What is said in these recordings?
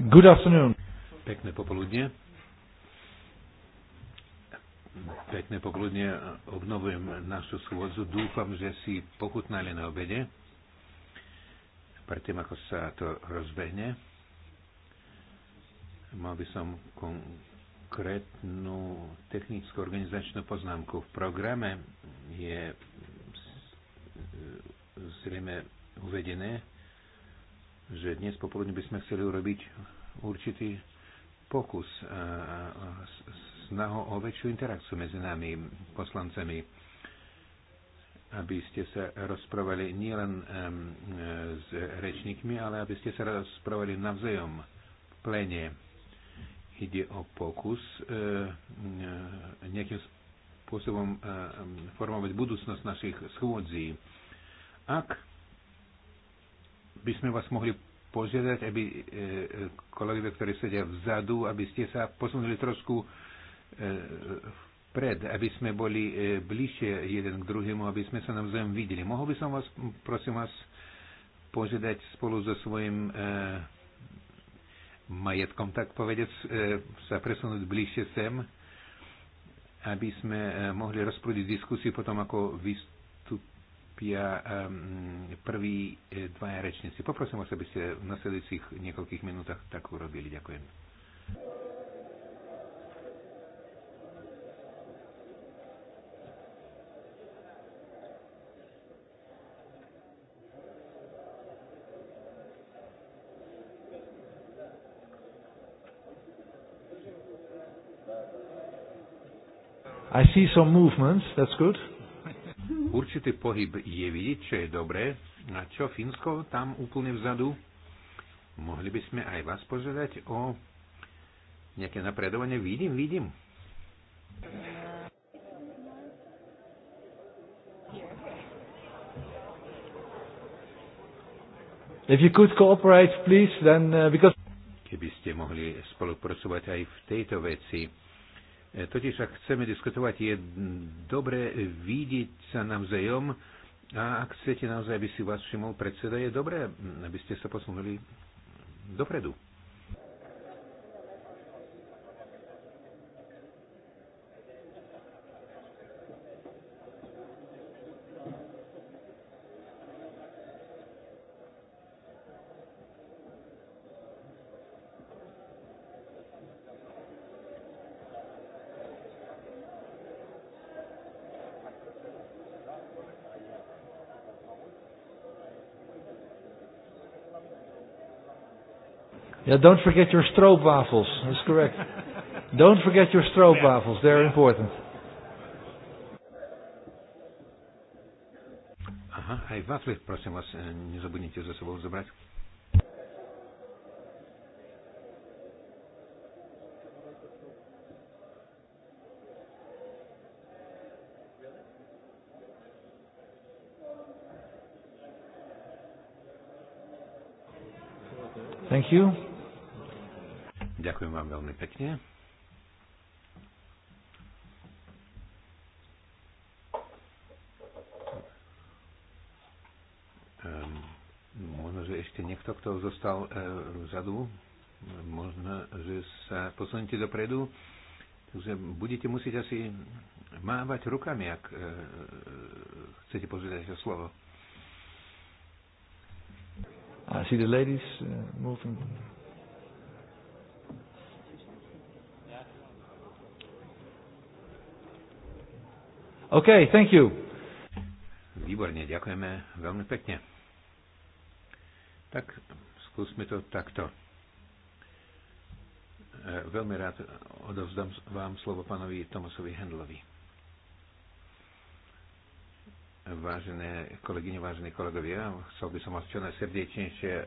Good afternoon. Pekné popoludne. Pekné popoludne. Obnovujem našu schôdzu. Dúfam, že si pochutnali na obede. Predtým, ako sa to rozbehne, mal by som konkrétnu technickú organizačnú poznámku. V programe je zrejme uvedené, že dnes popoludne by sme chceli urobiť určitý pokus, snahu o väčšiu interakciu medzi nami, poslancami, aby ste sa rozprávali nielen s rečníkmi, ale aby ste sa rozprávali navzájom v plene. Ide o pokus e, e, nejakým spôsobom e, formovať budúcnosť našich schôdzí. Ak by sme vás mohli požiadať, aby e, e, kolegovia, ktorí sedia vzadu, aby ste sa posunuli trošku e, pred, aby sme boli bližšie jeden k druhému, aby sme sa navzájom videli. Mohol by som vás, prosím vás, požiadať spolu so svojim e, majetkom, tak povedať, e, sa presunúť bližšie sem, aby sme e, mohli rozprúdiť diskusiu potom, ako vystúpiť vystúpia ehm, prví e, dvaja rečníci. Poprosím vás, aby ste v nasledujúcich niekoľkých minútach tak urobili. Ďakujem. I see some movements, that's good určitý pohyb je vidieť, čo je dobré. na čo Fínsko tam úplne vzadu? Mohli by sme aj vás požiadať o nejaké napredovanie? Vidím, vidím. If you could cooperate, please, then, uh, because... Keby ste mohli spolupracovať aj v tejto veci, E, totiž, ak chceme diskutovať, je dobre vidieť sa navzájom a ak chcete naozaj, aby si vás všimol predseda, je dobré, aby ste sa posunuli dopredu. Yeah, don't forget your stroopwafels. That's correct. don't forget your stroopwafels. They're important. Aha, aj wafle, prosím vás, eh, nezabudnite za sebou zobrať. Thank you vám veľmi pekne. Ehm, možno, že ešte niekto, kto zostal eh, vzadu, možno, že sa posunete dopredu. Takže budete musieť asi mávať rukami, ak eh, chcete pozrieť to slovo. I see the ladies uh, moving OK, thank you. Výborne, ďakujeme veľmi pekne. Tak skúsme to takto. E, veľmi rád odovzdám vám slovo pánovi Tomasovi Hendlovi. Vážené kolegyne, vážení kolegovia, chcel by som vás čo najsrdečnejšie e, e,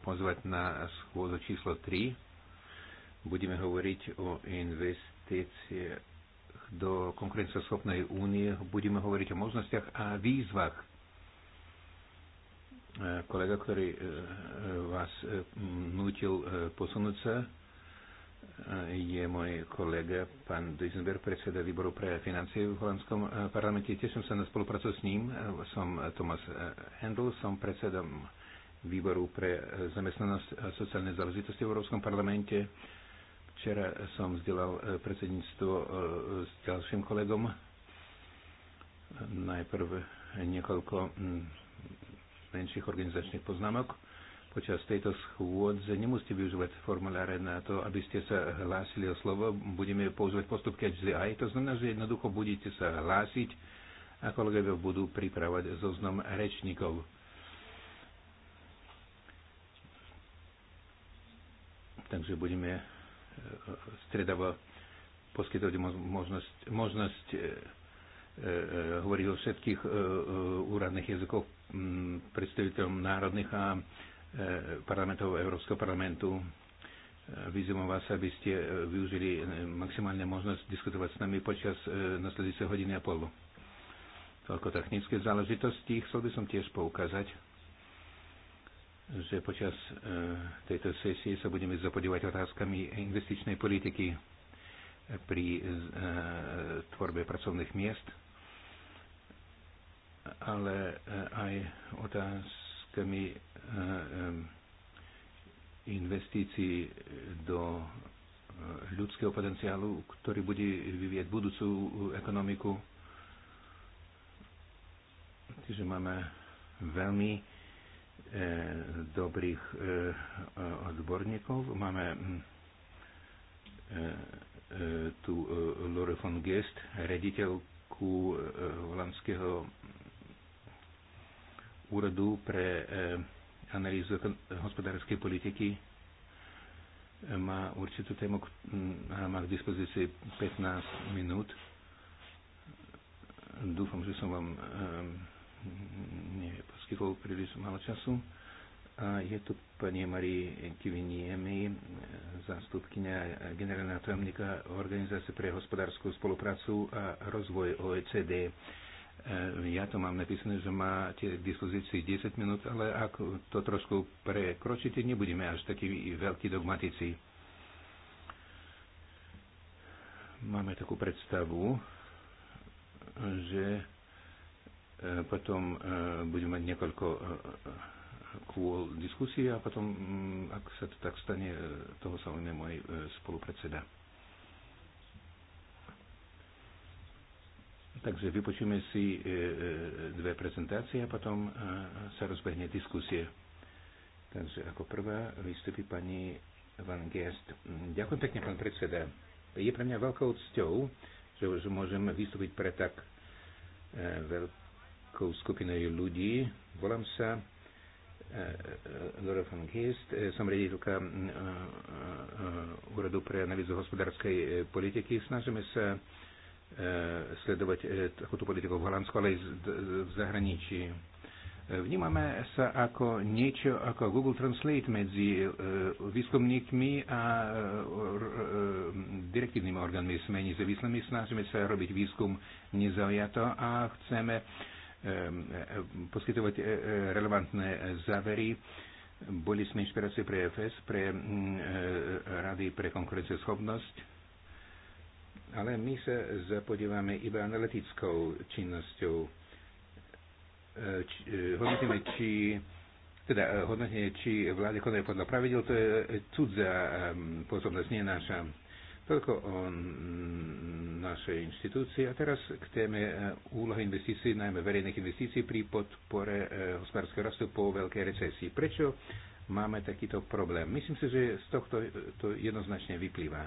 pozvať na schôdzu číslo 3. Budeme hovoriť o investíciách do konkurenceschopnej únie. Budeme hovoriť o možnostiach a výzvach. E, kolega, ktorý e, vás e, nutil posunúť sa, je môj kolega, pán Duisenberg, predseda výboru pre financie v holandskom parlamente. Teším sa na spoluprácu s ním. Som Thomas Handel, som predsedom výboru pre zamestnanosť a sociálne záležitosti v Európskom parlamente Včera som vzdelal e, predsedníctvo e, s ďalším kolegom. Najprv niekoľko menších organizačných poznámok. Počas tejto schôdze nemusíte využívať formuláre na to, aby ste sa hlásili o slovo. Budeme používať postup catch the eye. To znamená, že jednoducho budete sa hlásiť a kolegovia budú pripravať zoznam rečníkov. Takže budeme stredavo poskytovať možnosť, možnosť e, e, e, hovoriť o všetkých úradných jazykoch predstaviteľom národných a parlamentov Európskeho parlamentu. Vyzývam vás, aby ste využili maximálne možnosť diskutovať s nami počas nasledujúcej hodiny a polu. Toľko technické záležitosti. Chcel by som tiež poukázať že počas e, tejto sesie sa budeme zapodívať otázkami investičnej politiky pri e, tvorbe pracovných miest, ale e, aj otázkami investícií do ľudského potenciálu, ktorý bude vyvieť budúcu ekonomiku. Čiže máme veľmi E, dobrých e, e, odborníkov. Máme mm, tu Lore von Gest, rediteľku holandského úradu pre analýzu hospodárskej politiky. Má určitú tému a má k dispozícii 15 minút. Dúfam, že som vám nepovedal poskytol príliš malo času. A je tu pani Marie Kiviniemi, zástupkynia generálneho tajomníka Organizácie pre hospodárskú spoluprácu a rozvoj OECD. E, ja to mám napísané, že máte k dispozícii 10 minút, ale ak to trošku prekročíte, nebudeme až takí veľkí dogmatici. Máme takú predstavu, že E, potom e, budeme mať niekoľko e, kôl diskusie a potom, mm, ak sa to tak stane, toho sa ujme môj spolupredseda. Takže vypočujeme si dve prezentácie a potom sa rozbehne diskusie. Takže ako prvá vystupí pani Van Gest. Ďakujem pekne, pán predseda. Je pre mňa veľkou cťou, že môžem vystúpiť pre tak veľkú takou skupinou ľudí. Volám sa Dora e, e, von Gist, e, som riaditeľka Úradu pre analýzu hospodárskej politiky. Snažíme sa sledovať takúto politiku v Holandsku, ale aj v zahraničí. Vnímame sa ako niečo ako Google Translate medzi výskumníkmi a direktívnymi orgánmi. Sme nezávislými, snažíme sa robiť výskum nezaujato a chceme Ehm, e, poskytovať e, e, relevantné závery. Boli sme inšpirácie pre EFS, pre mm, Rady pre konkurencieschopnosť, ale my sa zapodívame iba analytickou činnosťou. hodnotíme, či teda hodnotenie, či vlády konajú podľa pravidel, to je cudzia pozornosť, nie naša. Toľko o našej inštitúcii. A teraz k téme e, úlohy investícií, najmä verejných investícií pri podpore e, hospodárskeho rastu po veľkej recesii. Prečo máme takýto problém? Myslím si, že z tohto e, to jednoznačne vyplýva.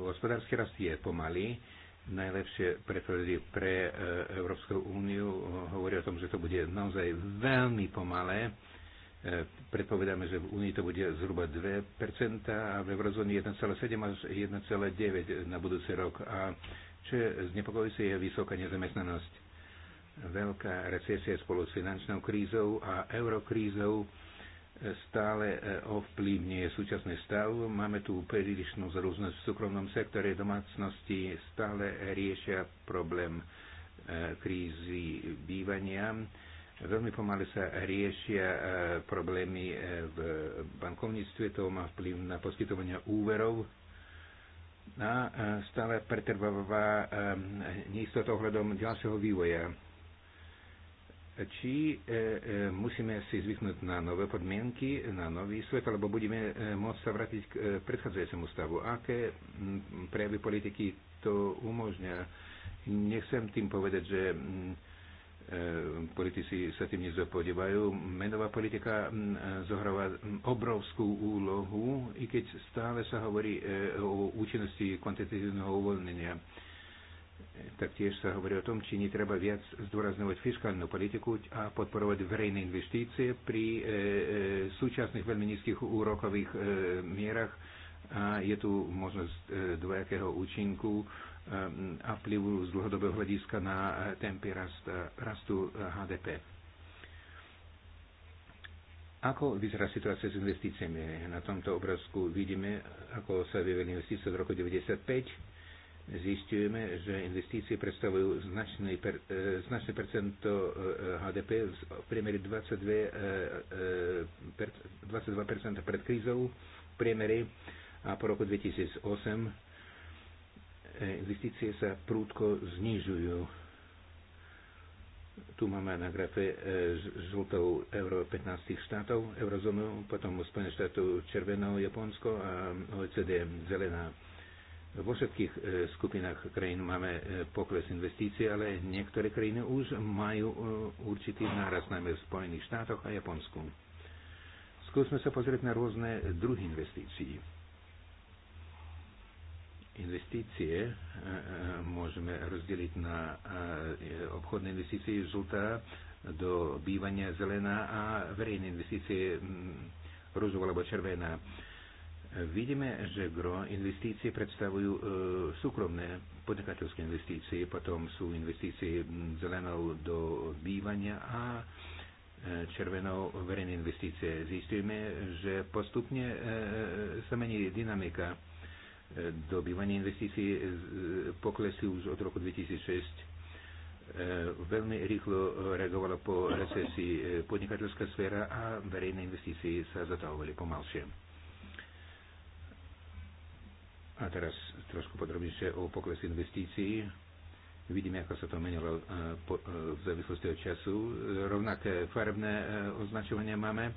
Hospodársky rast je pomalý. Najlepšie predpovedy pre Európsku úniu hovorí o tom, že to bude naozaj veľmi pomalé E, predpovedáme, že v Unii to bude zhruba 2% a v eurozóne 1,7 až 1,9 na budúci rok. A čo je znepokojujúce, je vysoká nezamestnanosť. Veľká recesia spolu s finančnou krízou a eurokrízou stále e, ovplyvňuje súčasný stav. Máme tu prílišnú zrúznosť v súkromnom sektore. Domácnosti stále riešia problém e, krízy bývania Veľmi pomaly sa riešia e, problémy e, v bankovníctve, to má vplyv na poskytovanie úverov a e, stále pretrváva neistota ohľadom ďalšieho vývoja. Či musíme si zvyknúť na nové podmienky, na nový svet, alebo budeme môcť sa vrátiť k predchádzajúcemu stavu? Aké prejavy politiky to umožňa? Nechcem tým povedať, že E, politici sa tým nezopodívajú. Menová politika zohráva obrovskú úlohu, i keď stále sa hovorí e, o účinnosti kvantitatívneho uvoľnenia. E, taktiež sa hovorí o tom, či netreba viac zdôrazňovať fiskálnu politiku a podporovať verejné investície pri súčasných veľmi nízkych úrokových mierach a je tu možnosť dvojakého účinku Eh, a vplyvu z dlhodobého hľadiska na eh, tempy rast, eh, rastu HDP. Ako vyzerá situácia s investíciami? Na tomto obrázku vidíme, ako sa vyvedli investície od roku 1995 zistujeme, že investície predstavujú značné, per, značné percento HDP, v priemere 22, 22% pred krízou, v priemere a po roku 2008 investície sa prúdko znižujú. Tu máme na grafe žltou e, euro 15 štátov, eurozónu, potom Spojené štátu červenou Japonsko a OECD zelená. Vo všetkých e, skupinách krajín máme e, pokles investícií, ale niektoré krajiny už majú určitý náraz, najmä v Spojených štátoch a Japonsku. Skúsme sa pozrieť na rôzne druhy investícií investície e, e, môžeme rozdeliť na e, obchodné investície žltá do bývania zelená a verejné investície rozová alebo červená. Vidíme, že gro investície predstavujú súkromné podnikateľské investície, potom sú investície zelenou do bývania a červenou verejné investície. Zistujeme, že postupne e, sa mení dynamika Dobývanie investícií e, poklesli už od roku 2006. E, veľmi rýchlo reagovala po recesii e, podnikateľská sféra a verejné investície sa zatahovali pomalšie. A teraz trošku podrobnejšie o pokles investícií. Vidíme, ako sa to menilo v závislosti od času. Rovnaké farebné označovanie máme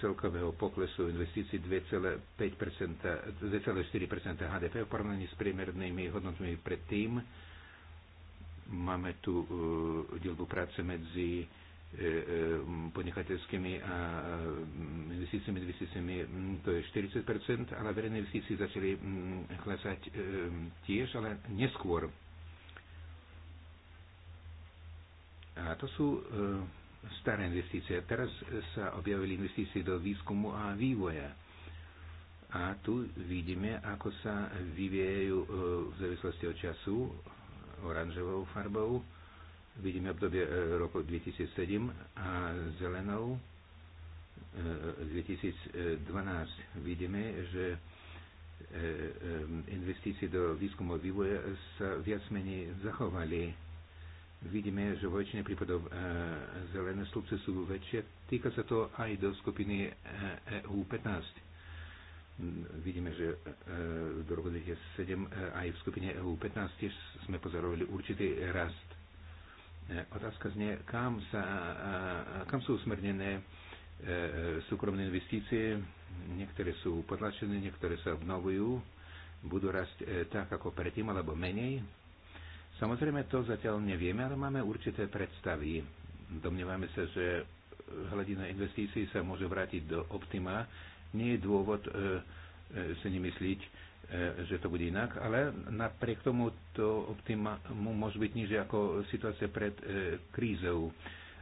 celkového poklesu investícií 2,4 HDP v porovnaní s priemernými hodnotami predtým. Máme tu e, dielbu práce medzi e, e, podnikateľskými a investíciami, investíciami to je 40%, ale verejné investície začali klesať tiež, ale neskôr. A to sú staré investície. Teraz sa objavili investície do výskumu a vývoja. A tu vidíme, ako sa vyvíjajú e, v závislosti od času oranžovou farbou, vidíme obdobie e, roku 2007 a zelenou 2012. E, vidíme, že investície do výskumu vývoja sa viac menej zachovali vidíme, že vo väčšine prípadov e, zelené slupce sú väčšie. Týka sa to aj do skupiny EU15. E vidíme, že e, do roku 2007 e, aj v skupine EU15 tiež sme pozorovali určitý rast. E, otázka znie, kam, sa, a, e, kam sú usmernené e, súkromné investície. Niektoré sú potlačené, niektoré sa obnovujú, budú rásť e, tak ako predtým alebo menej Samozrejme, to zatiaľ nevieme, ale máme určité predstavy. Domnievame sa, že hladina investícií sa môže vrátiť do optima. Nie je dôvod e, e, si nemyslieť, e, že to bude inak, ale napriek tomu to optima môže byť nižšie ako situácia pred e, krízou.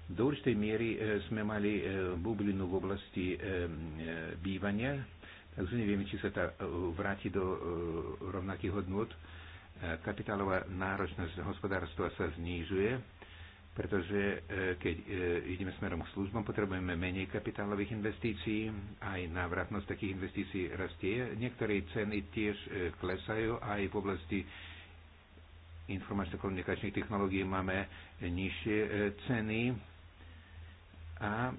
Do určitej miery e, sme mali e, bublinu v oblasti e, e, bývania, takže nevieme, či sa tá e, vráti do e, rovnakých hodnot. E, kapitálová náročnosť hospodárstva sa znižuje, pretože e, keď e, ideme smerom k službám, potrebujeme menej kapitálových investícií, aj návratnosť takých investícií rastie. Niektoré ceny tiež e, klesajú, aj v oblasti informačno-komunikačných technológií máme nižšie ceny a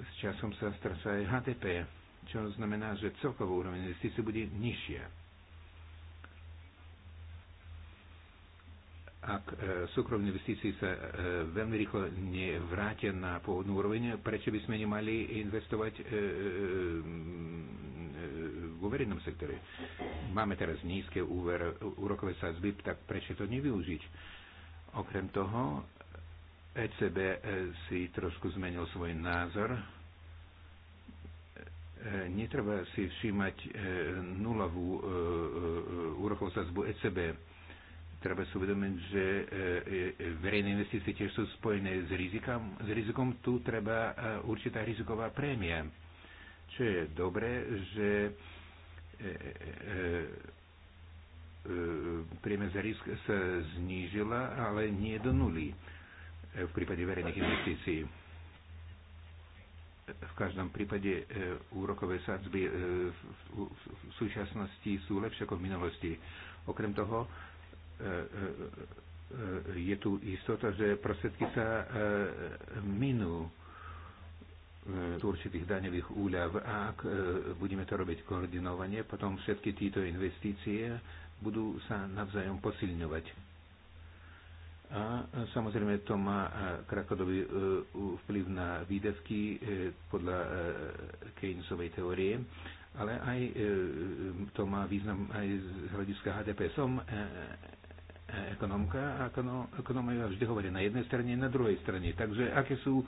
s časom sa stráca HDP, čo znamená, že celková úroveň investícií bude nižšia. ak e, súkromné investície sa e, veľmi rýchlo nevrátia na pôvodnú úroveň, prečo by sme nemali investovať e, vo verejnom sektore? Máme teraz nízke úver, úrokové sázby, tak prečo to nevyužiť? Okrem toho, ECB si trošku zmenil svoj názor. Netreba si všímať nulovú úrokovú sázbu ECB Treba si uvedomiť, že e, e, verejné investície tiež sú spojené s, rizikom, s rizikom. Tu treba e, určitá riziková prémia. Čo je dobré, že prémia za risk sa znížila, ale nie do nuly v prípade verejných investícií. V každom prípade úrokové sadzby v súčasnosti sú lepšie ako v minulosti. Okrem toho, E, e, e, je tu istota, že prostriedky sa minú z určitých daňových úľav. ak budeme to robiť koordinovanie, potom všetky títo investície budú sa navzájom posilňovať. A samozrejme to má krakodový vplyv na výdavky podľa Keynesovej teórie, ale aj to má význam aj z hľadiska HDP. Som ekonomka a ekonomia vždy hovorí na jednej strane a na druhej strane. Takže aké sú e,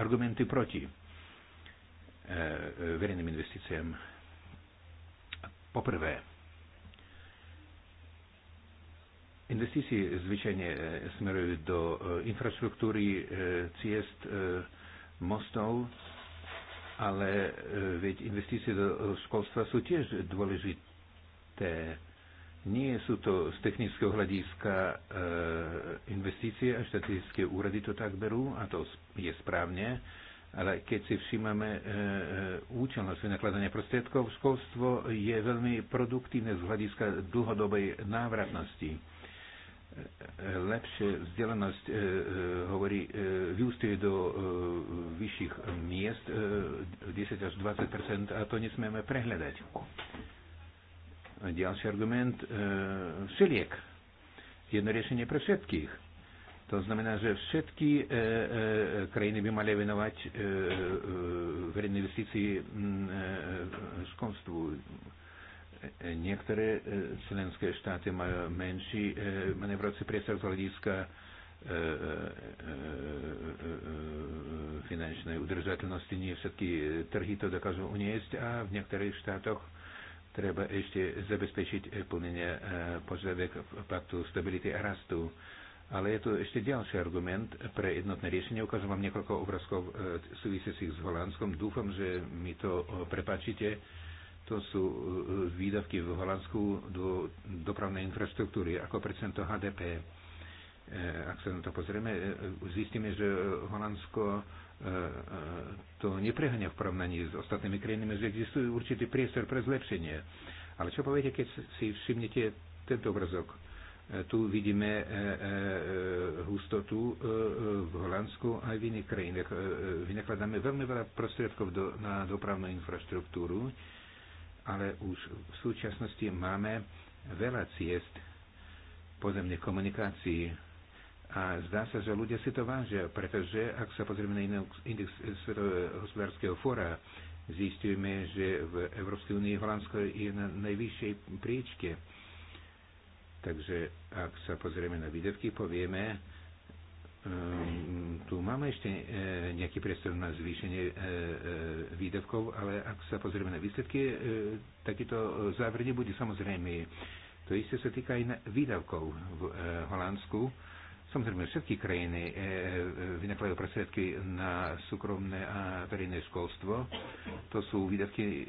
argumenty proti e, e, verejným investíciám? Poprvé, investície zvyčajne smerujú do infraštruktúry, ciest, mostov, ale veď investície do školstva sú tiež dôležité nie sú to z technického hľadiska e, investície a štatistické úrady to tak berú a to je správne, ale keď si všímame e, eh, eh, účelnosť vynakladania prostriedkov, školstvo je veľmi produktívne z hľadiska dlhodobej návratnosti. E, lepšie vzdelanosť e, hovorí, e, vyústuje do e, vyšších miest e, 10 až 20 a to nesmieme prehľadať ďalší argument, e, všeliek. Jedno riešenie pre všetkých. To znamená, že všetky e, e, krajiny by mali venovať e, e, verejné investície e, školstvu. E, niektoré e, členské štáty majú menší e, manevrovací priestor z hľadiska e, e, e, e, finančnej udržateľnosti. Nie všetky trhy to dokážu uniesť a v niektorých štátoch e, Treba ešte zabezpečiť eh, plnenie eh, požiadavek paktu stability a rastu. Ale je tu ešte ďalší argument pre jednotné riešenie. Ukážem vám niekoľko obrázkov eh, súvisiacich s Holandskom. Dúfam, že mi to prepačíte. To sú výdavky v Holandsku do dopravnej infraštruktúry ako percento HDP. Ak sa na to pozrieme, zistíme, že Holandsko E, e, to neprehania v porovnaní s ostatnými krajinami, že existuje určitý priestor pre zlepšenie. Ale čo poviete, keď si všimnete tento obrazok? E, tu vidíme hustotu v Holandsku aj v iných krajinách. Vynakladáme veľmi veľa prostriedkov do, na dopravnú infraštruktúru, ale už v súčasnosti máme veľa ciest pozemných komunikácií a zdá sa, že ľudia si to vážia, pretože ak sa pozrieme na index Svetového hospodárskeho fóra, zistujeme, že v Európskej únii Holandsko je na najvyššej priečke. Takže ak sa pozrieme na výdavky, povieme, um, tu máme ešte e, nejaký priestor na zvýšenie e, e, výdavkov, ale ak sa pozrieme na výsledky, e, takýto záver nebude samozrejme. To isté sa týka aj výdavkov v e, Holandsku Samozrejme, všetky krajiny e, e, vynakladajú prostriedky na súkromné a verejné školstvo. To sú výdavky e,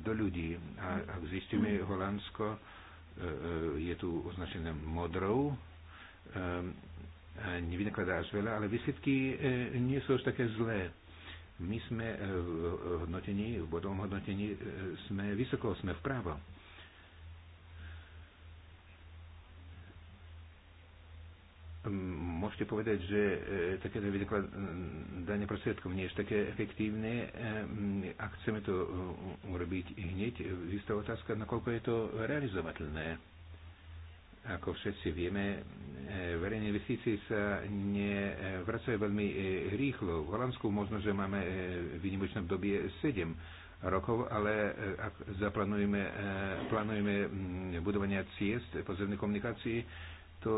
do ľudí. A ak zistíme, Holandsko je tu označené modrou, nevynakladá až veľa, ale výsledky nie sú až také zlé. My sme v hodnotení, v bodovom hodnotení sme vysoko, sme vpravo Ehm, môžete povedať, že e, takéto vykladanie prostriedkov nie je také efektívne. Ehm, ak chceme to e, urobiť hneď, istá otázka, nakoľko je to realizovateľné. Ako všetci vieme, e, verejné investície sa nevracajú veľmi rýchlo. V Holandsku možno, že máme výnimočné obdobie 7 rokov, ale ak zaplánujeme plánujeme budovania ciest pozemnej komunikácii, to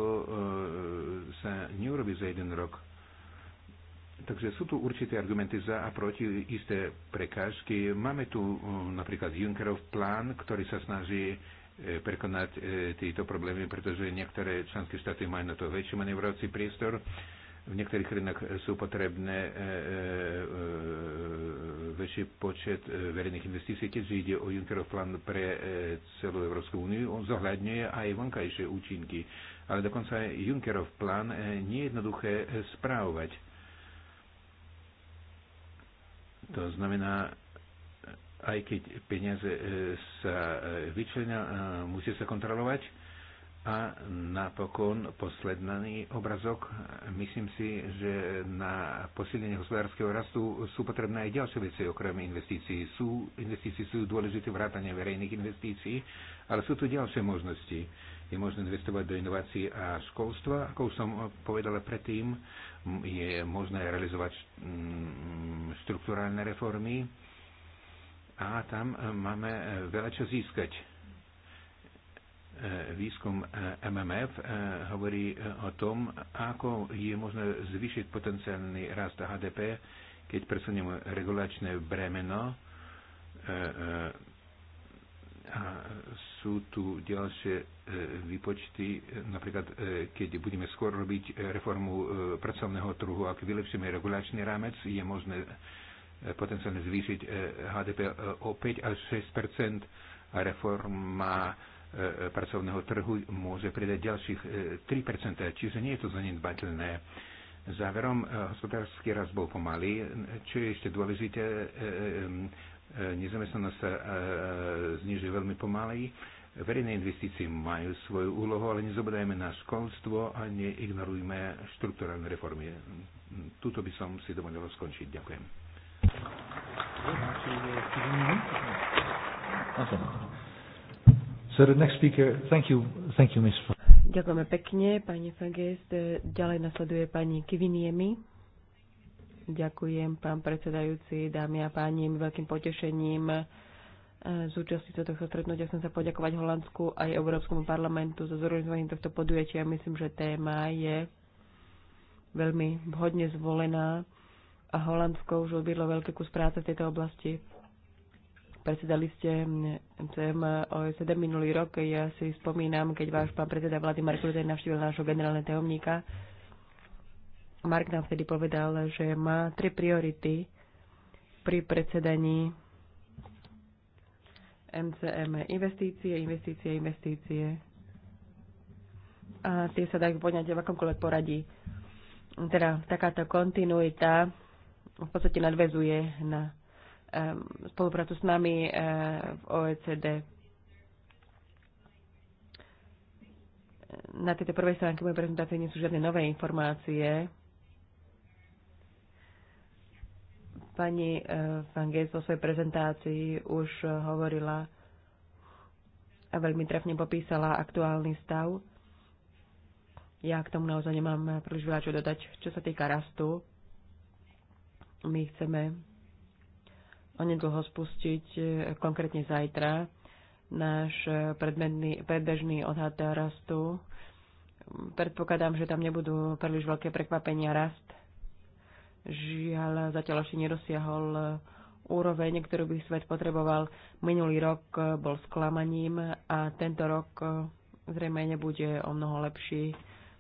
sa neurobi za jeden rok. Takže sú tu určité argumenty za a proti isté prekážky. Máme tu eh, napríklad Junckerov plán, ktorý sa snaží eh, prekonať eh, tieto problémy, pretože niektoré členské štáty majú na to väčší manevrovací priestor. V niektorých krajinách sú potrebné e, e, e, väčší počet verejných investícií, keďže ide o Junckerov plán pre celú Európsku úniu. On zohľadňuje aj vonkajšie účinky, ale dokonca aj Junckerov plán nie je jednoduché správovať. To znamená, aj keď peniaze sa vyčlenia, musí sa kontrolovať, a napokon posledný obrazok. Myslím si, že na posilnenie hospodárskeho rastu sú potrebné aj ďalšie veci okrem investícií. Sú, investície sú dôležité vrátanie verejných investícií, ale sú tu ďalšie možnosti. Je možné investovať do inovácií a školstva. Ako som povedala predtým, je možné realizovať mm, štruktúrálne reformy a tam máme veľa čo získať E, výskum e, MMF e, hovorí o tom, ako je možné zvýšiť potenciálny rast HDP, keď presuniem regulačné bremeno. A sú tu ďalšie výpočty, napríklad keď budeme skôr robiť reformu pracovného trhu, ak vylepšíme regulačný rámec, je možné potenciálne zvýšiť HDP o 5 až 6 a reforma E, pracovného trhu môže pridať ďalších 3%, e, čiže nie je to zanedbateľné. Záverom, e, hospodársky rast bol pomalý, čo je ešte dôležité, nezamestnanosť sa znižuje veľmi pomaly, verejné investície majú svoju úlohu, ale nezobodajme na školstvo a neignorujme štruktúralne reformy. Tuto by som si dovolil skončiť. Ďakujem. Ďakujem. So the next speaker, thank you, thank you, Ďakujeme pekne, pani Fagest. Ďalej nasleduje pani Kiviniemi. Ďakujem, pán predsedajúci, dámy a páni, veľkým potešením eh, zúčastniť sa tohto stretnutia. Chcem sa poďakovať Holandsku aj Európskomu parlamentu za zorganizovanie tohto podujatia. Myslím, že téma je veľmi vhodne zvolená a Holandsko už odbydlo veľký kus práce v tejto oblasti. Predsedali ste MCM OSD minulý rok. Ja si spomínam, keď váš pán predseda vlády Mark Rutte navštívil nášho generálneho tajomníka. Mark nám vtedy povedal, že má tri priority pri predsedaní MCM. Investície, investície, investície. A tie sa dajú poňať v akomkoľvek poradí. Teda takáto kontinuita v podstate nadvezuje na Ehm, spoluprácu s nami ehm, v OECD. Na tejto prvej stránke mojej prezentácie nie sú žiadne nové informácie. Pani ehm, Van Gates vo svojej prezentácii už hovorila a veľmi trefne popísala aktuálny stav. Ja k tomu naozaj nemám príliš veľa čo dodať. Čo sa týka rastu, my chceme onedlho spustiť, e, konkrétne zajtra, náš e, predmedný, predbežný odhad rastu. Predpokladám, že tam nebudú príliš veľké prekvapenia rast. Žiaľ, zatiaľ ešte nedosiahol e, úroveň, ktorú by svet potreboval. Minulý rok bol sklamaním a tento rok zrejme nebude o mnoho lepší.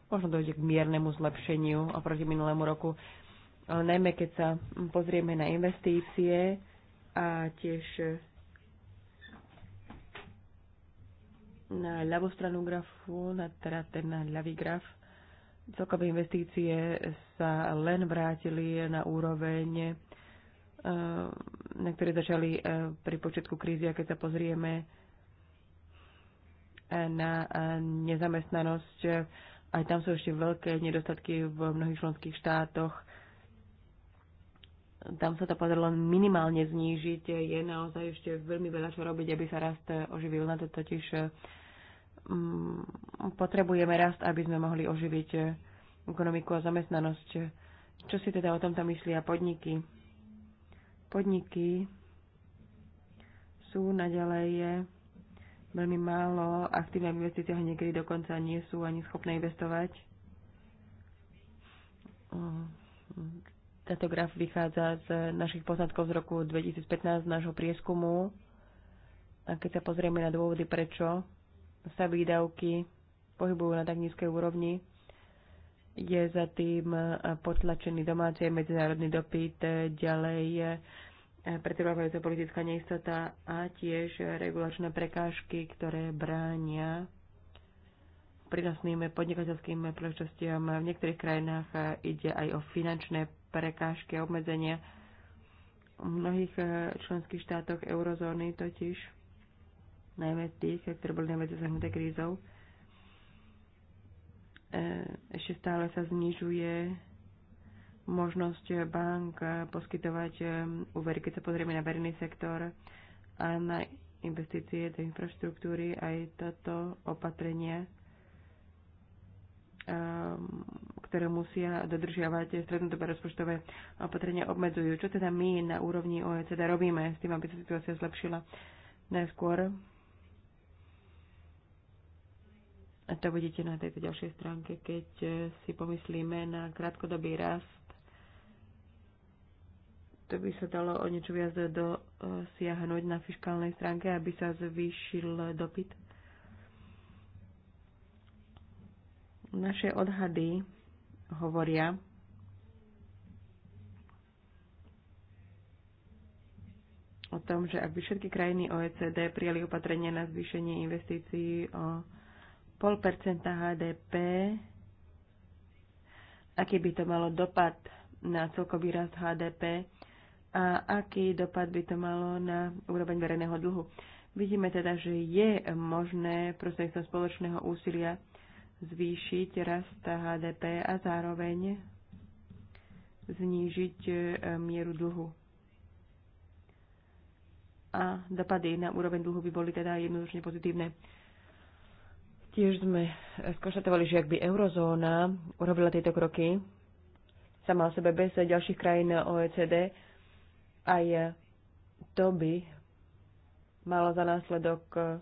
Možno dojde k miernemu zlepšeniu oproti minulému roku. Ale najmä keď sa pozrieme na investície, a tiež na ľavú stranu grafu, na, teda ten na ľavý graf, celkové investície sa len vrátili na úroveň, e, na ktoré začali e, pri počiatku krízy. A keď sa pozrieme e, na nezamestnanosť, aj tam sú ešte veľké nedostatky v mnohých členských štátoch tam sa to podarilo minimálne znížiť. Je naozaj ešte veľmi veľa čo robiť, aby sa rast oživil. Na to totiž um, potrebujeme rast, aby sme mohli oživiť eh, ekonomiku a zamestnanosť. Čo si teda o tomto myslia podniky? Podniky sú naďalej eh, veľmi málo aktívne v investíciách, niekedy dokonca nie sú ani schopné investovať mm, tento graf vychádza z našich poznatkov z roku 2015, z nášho prieskumu. A keď sa pozrieme na dôvody, prečo sa výdavky pohybujú na tak nízkej úrovni, je za tým potlačený domáci a medzinárodný dopyt, ďalej pretrvávajúca politická neistota a tiež regulačné prekážky, ktoré bránia prínosným podnikateľským príležitostiam. V niektorých krajinách ide aj o finančné prekážky a obmedzenia. V mnohých e, členských štátoch eurozóny totiž, najmä tých, ktoré boli najmä zahnuté krízou, e, ešte stále sa znižuje možnosť bank poskytovať e, úvery. Keď sa pozrieme na verejný sektor a na investície do infraštruktúry, aj toto opatrenie ktoré musia dodržiavať strednodobé rozpočtové opatrenia obmedzujú. Čo teda my na úrovni OECD robíme s tým, aby sa situácia zlepšila najskôr? A to vidíte na tejto ďalšej stránke, keď si pomyslíme na krátkodobý rast. To by sa dalo o niečo viac dosiahnuť na fiskálnej stránke, aby sa zvýšil dopyt. Naše odhady hovoria, o tom, že ak by všetky krajiny OECD prijali opatrenia na zvýšenie investícií o 0,5 HDP, aký by to malo dopad na celkový rast HDP a aký dopad by to malo na úroveň verejného dlhu. Vidíme teda, že je možné prostredníctvom spoločného úsilia zvýšiť rast HDP a zároveň znížiť e, mieru dlhu. A dopady na úroveň dlhu by boli teda jednoznačne pozitívne. Tiež sme skonštatovali, že ak by eurozóna urobila tieto kroky sama o sebe bez ďalších krajín OECD, aj to by malo za následok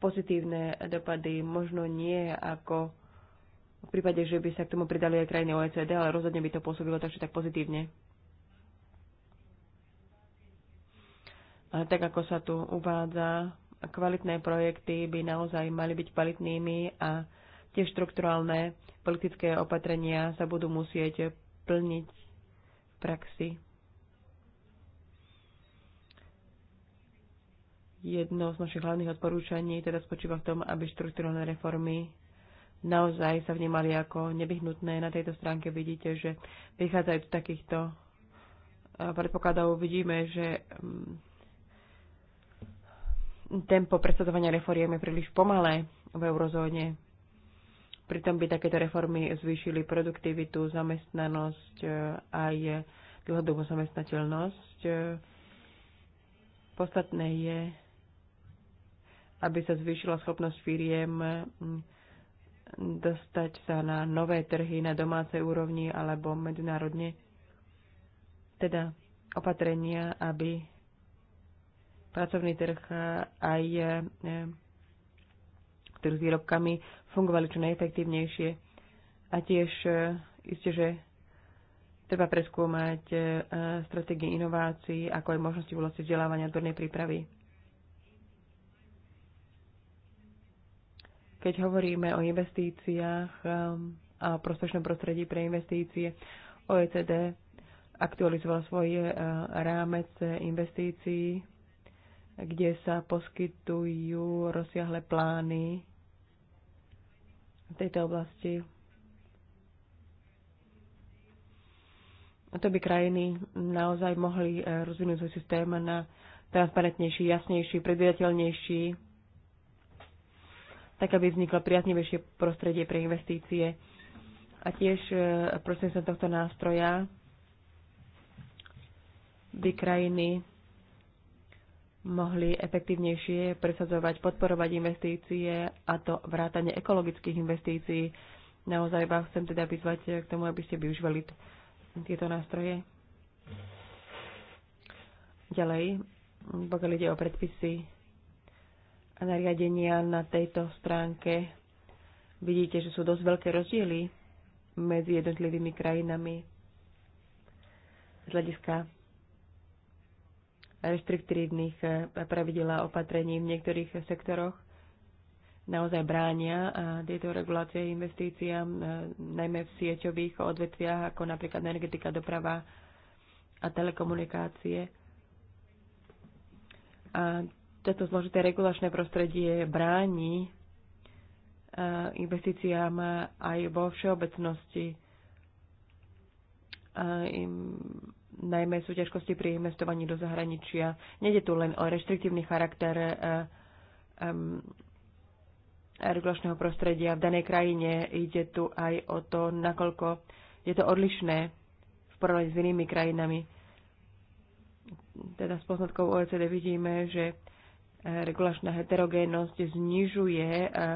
pozitívne dopady, možno nie ako v prípade, že by sa k tomu pridali aj krajiny OECD, ale rozhodne by to pôsobilo takže tak pozitívne. A tak ako sa tu uvádza, kvalitné projekty by naozaj mali byť kvalitnými a tie štrukturálne politické opatrenia sa budú musieť plniť v praxi. Jedno z našich hlavných odporúčaní teda spočíva v tom, aby štruktúrne reformy naozaj sa vnímali ako nevyhnutné. Na tejto stránke vidíte, že vychádzajú z takýchto predpokladov. Vidíme, že mm, tempo predsadzovania reforiem je príliš pomalé v eurozóne. Pritom by takéto reformy zvýšili produktivitu, zamestnanosť a e, aj dlhodobú zamestnateľnosť. E, podstatné je aby sa zvýšila schopnosť firiem mm, dostať sa na nové trhy na domácej úrovni alebo medzinárodne. Teda opatrenia, aby pracovný trh aj e, trh s výrobkami fungovali čo najefektívnejšie. A tiež e, isté, že treba preskúmať e, stratégie inovácií, ako aj možnosti v oblasti vzdelávania odbornej prípravy. keď hovoríme o investíciách um, a o prospešnom prostredí pre investície, OECD aktualizoval svoj uh, rámec investícií, kde sa poskytujú rozsiahle plány v tejto oblasti. to by krajiny naozaj mohli uh, rozvinúť svoj systém na transparentnejší, jasnejší, predvidateľnejší tak aby vzniklo priaznivejšie prostredie pre investície. A tiež e, prosím sa tohto nástroja by krajiny mohli efektívnejšie presadzovať, podporovať investície a to vrátanie ekologických investícií. Naozaj vás chcem teda vyzvať k tomu, aby ste využívali tieto nástroje. Ďalej, pokiaľ ide o predpisy nariadenia na tejto stránke vidíte, že sú dosť veľké rozdiely medzi jednotlivými krajinami z hľadiska reštriktívnych eh, pravidel a opatrení v niektorých sektoroch naozaj bránia eh, tieto regulácie investíciám, eh, najmä v sieťových odvetviach, ako napríklad energetika, doprava a telekomunikácie. A toto zložité regulačné prostredie bráni e, investíciám aj vo všeobecnosti. E, Im, najmä sú ťažkosti pri investovaní do zahraničia. Nede tu len o reštriktívny charakter um, regulačného prostredia v danej krajine. Ide tu aj o to, nakoľko je to odlišné v porovnaní s inými krajinami. Teda s poznatkou OECD vidíme, že regulačná heterogénnosť znižuje e, e,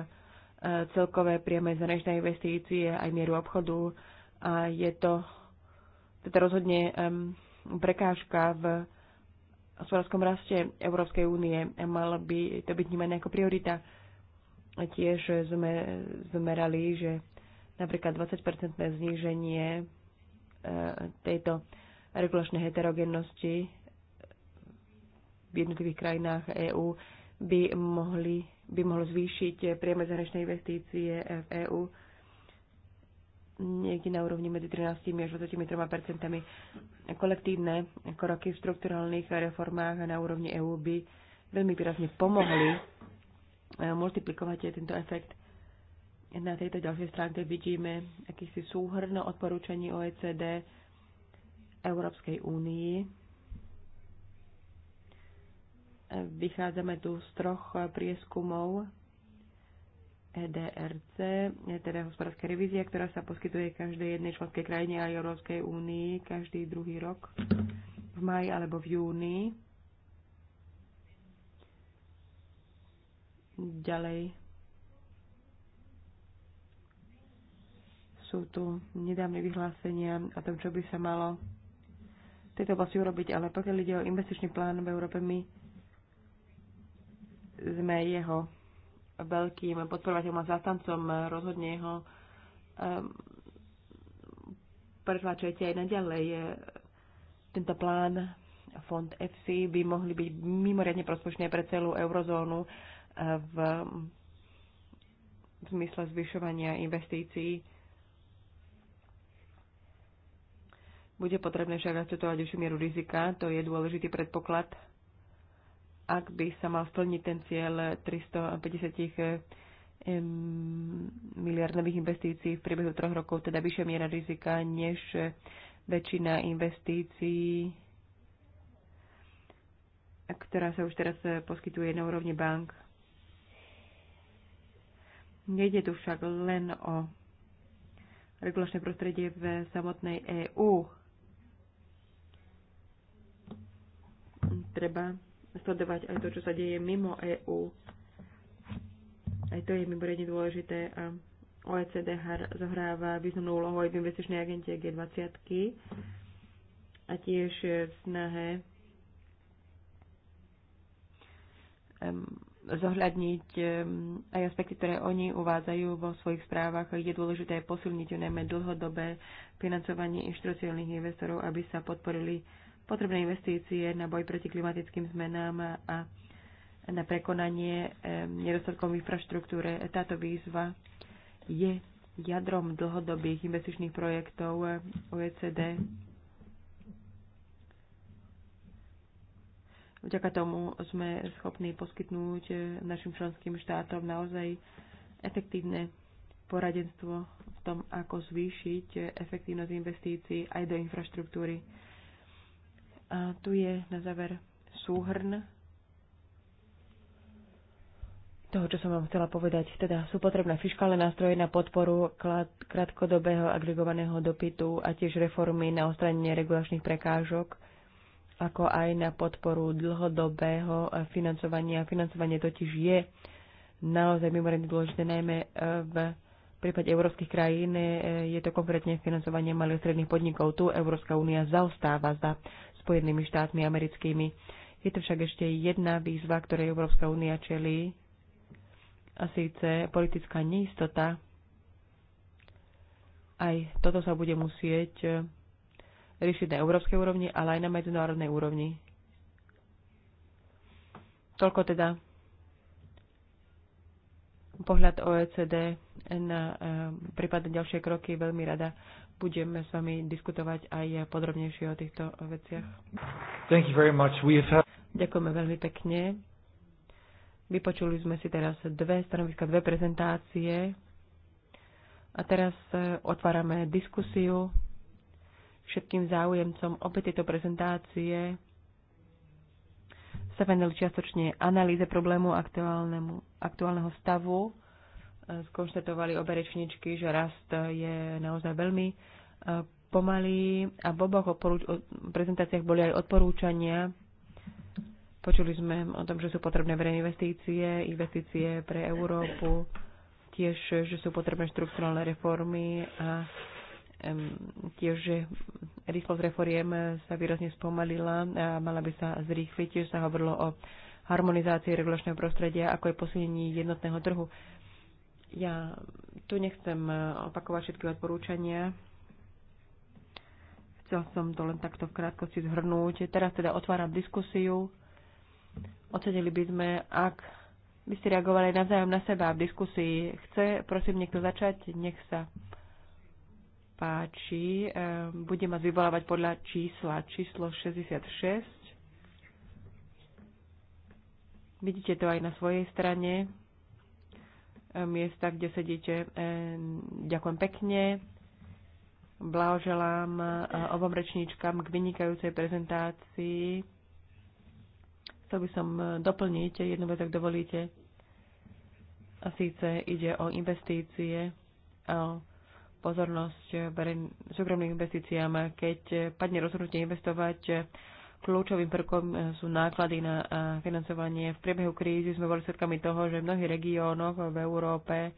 celkové priame zahraničné investície aj mieru obchodu a je to teda rozhodne prekážka v hospodárskom raste Európskej únie. Malo by to byť vnímané ako priorita. Tiež sme zmerali, že napríklad 20-percentné zníženie e, tejto regulačnej heterogénnosti v jednotlivých krajinách EÚ by, mohli, by mohlo zvýšiť priame zahraničné investície v EÚ niekde na úrovni medzi 13 až 23 percentami. Kolektívne kroky v štrukturálnych reformách na úrovni EÚ by veľmi výrazne pomohli eh, multiplikovať tento efekt. Na tejto ďalšej stránke vidíme akýsi súhrno odporúčaní OECD Európskej únii Vychádzame tu z troch eh, prieskumov EDRC, eh, teda hospodárska revízia, ktorá sa poskytuje každej jednej členskej krajine a Európskej únii každý druhý rok v maji alebo v júni. Ďalej sú tu nedávne vyhlásenia o tom, čo by sa malo v tejto oblasti urobiť, ale pokiaľ ide o investičný plán v Európe, my sme jeho veľkým podporovateľom a zastancom. Rozhodne ho um, ehm, pretlačujete aj naďalej. Tento plán fond FC by mohli byť mimoriadne prospešné pre celú eurozónu v, eh, v zmysle zvyšovania investícií. Bude potrebné však akceptovať vyššiu mieru rizika, to je dôležitý predpoklad ak by sa mal splniť ten cieľ 350 miliardových investícií v priebehu troch rokov, teda vyššia miera rizika než väčšina investícií, ktorá sa už teraz eh, poskytuje na úrovni bank. Nejde tu však len o regulačné prostredie v samotnej EÚ. Treba sledovať aj to, čo sa deje mimo EÚ. Aj to je mimoriadne dôležité. A OECD zohráva významnú úlohu aj v investičnej agente G20 a tiež v snahe zohľadniť aj aspekty, ktoré oni uvádzajú vo svojich správach. Je dôležité posilniť najmä dlhodobé financovanie inštruciálnych investorov, aby sa podporili potrebné investície na boj proti klimatickým zmenám a na prekonanie nedostatkov v infraštruktúre. Táto výzva je jadrom dlhodobých investičných projektov OECD. Vďaka tomu sme schopní poskytnúť eh, našim členským štátom naozaj efektívne poradenstvo v tom, ako zvýšiť eh, efektívnosť investícií aj do infraštruktúry. A tu je na záver súhrn toho, čo som vám chcela povedať. Teda sú potrebné fiskálne nástroje na podporu krátkodobého agregovaného dopytu a tiež reformy na ostranenie regulačných prekážok, ako aj na podporu dlhodobého financovania. Financovanie totiž je naozaj mimoriadne dôležité, najmä e, v prípade európskych krajín e, je to konkrétne financovanie malých stredných podnikov. Tu Európska únia zaostáva za Spojenými štátmi americkými. Je to však ešte jedna výzva, ktorej Európska únia čelí, a síce politická neistota. Aj toto sa bude musieť eh, riešiť na európskej úrovni, ale aj na medzinárodnej úrovni. Toľko teda pohľad OECD na eh, prípadne ďalšie kroky. Veľmi rada budeme s vami diskutovať aj podrobnejšie o týchto veciach. Thank you very much. We have... Ďakujeme veľmi pekne. Vypočuli sme si teraz dve stanoviska, dve prezentácie. A teraz e, otvárame diskusiu všetkým záujemcom obe tieto prezentácie sa venovali čiastočne analýze problému aktuálneho stavu. E, skonštatovali obe rečničky, že rast je naozaj veľmi pomaly a v oboch prezentáciách boli aj odporúčania. Počuli sme o tom, že sú potrebné verejné investície, investície pre Európu, tiež, že sú potrebné štrukturálne reformy a tiež, že rýchlosť reforiem sa výrazne spomalila a mala by sa zrýchliť. Tiež sa hovorilo o harmonizácii regulačného prostredia, ako je posilnení jednotného trhu. Ja tu nechcem opakovať všetky odporúčania, Chcel som to len takto v krátkosti zhrnúť. Teraz teda otváram diskusiu. Ocenili by sme, ak by ste reagovali navzájom na seba v diskusii. Chce, prosím, niekto začať? Nech sa páči. Ehm, budem vás vyvolávať podľa čísla. Číslo 66. Vidíte to aj na svojej strane ehm, miesta, kde sedíte. Ehm, ďakujem pekne. Blahoželám e, obom rečníčkam k vynikajúcej prezentácii. Chcel by som e, doplniť jednu vec, ak dovolíte. A síce ide o investície, o pozornosť súkromným investíciám. Keď padne rozhodnutie investovať, e, kľúčovým prvkom sú náklady na financovanie. V priebehu krízy sme boli svedkami toho, že v mnohých regiónoch v Európe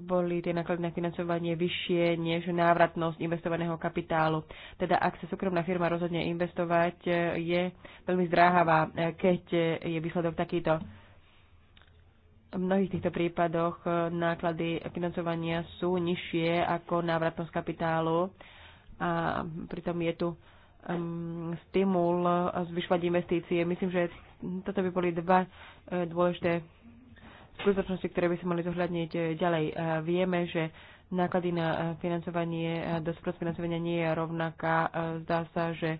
boli tie náklady na financovanie vyššie než návratnosť investovaného kapitálu. Teda ak sa súkromná firma rozhodne investovať, je veľmi zdráhavá, keď je výsledok takýto. V mnohých týchto prípadoch náklady financovania sú nižšie ako návratnosť kapitálu a pritom je tu um, stimul zvyšovať investície. Myslím, že toto by boli dva eh, dôležité skutočnosti, ktoré by sme mali zohľadniť e, ďalej. E, vieme, že náklady na e, financovanie, dostupnosť financovania nie je rovnaká. Zdá sa, že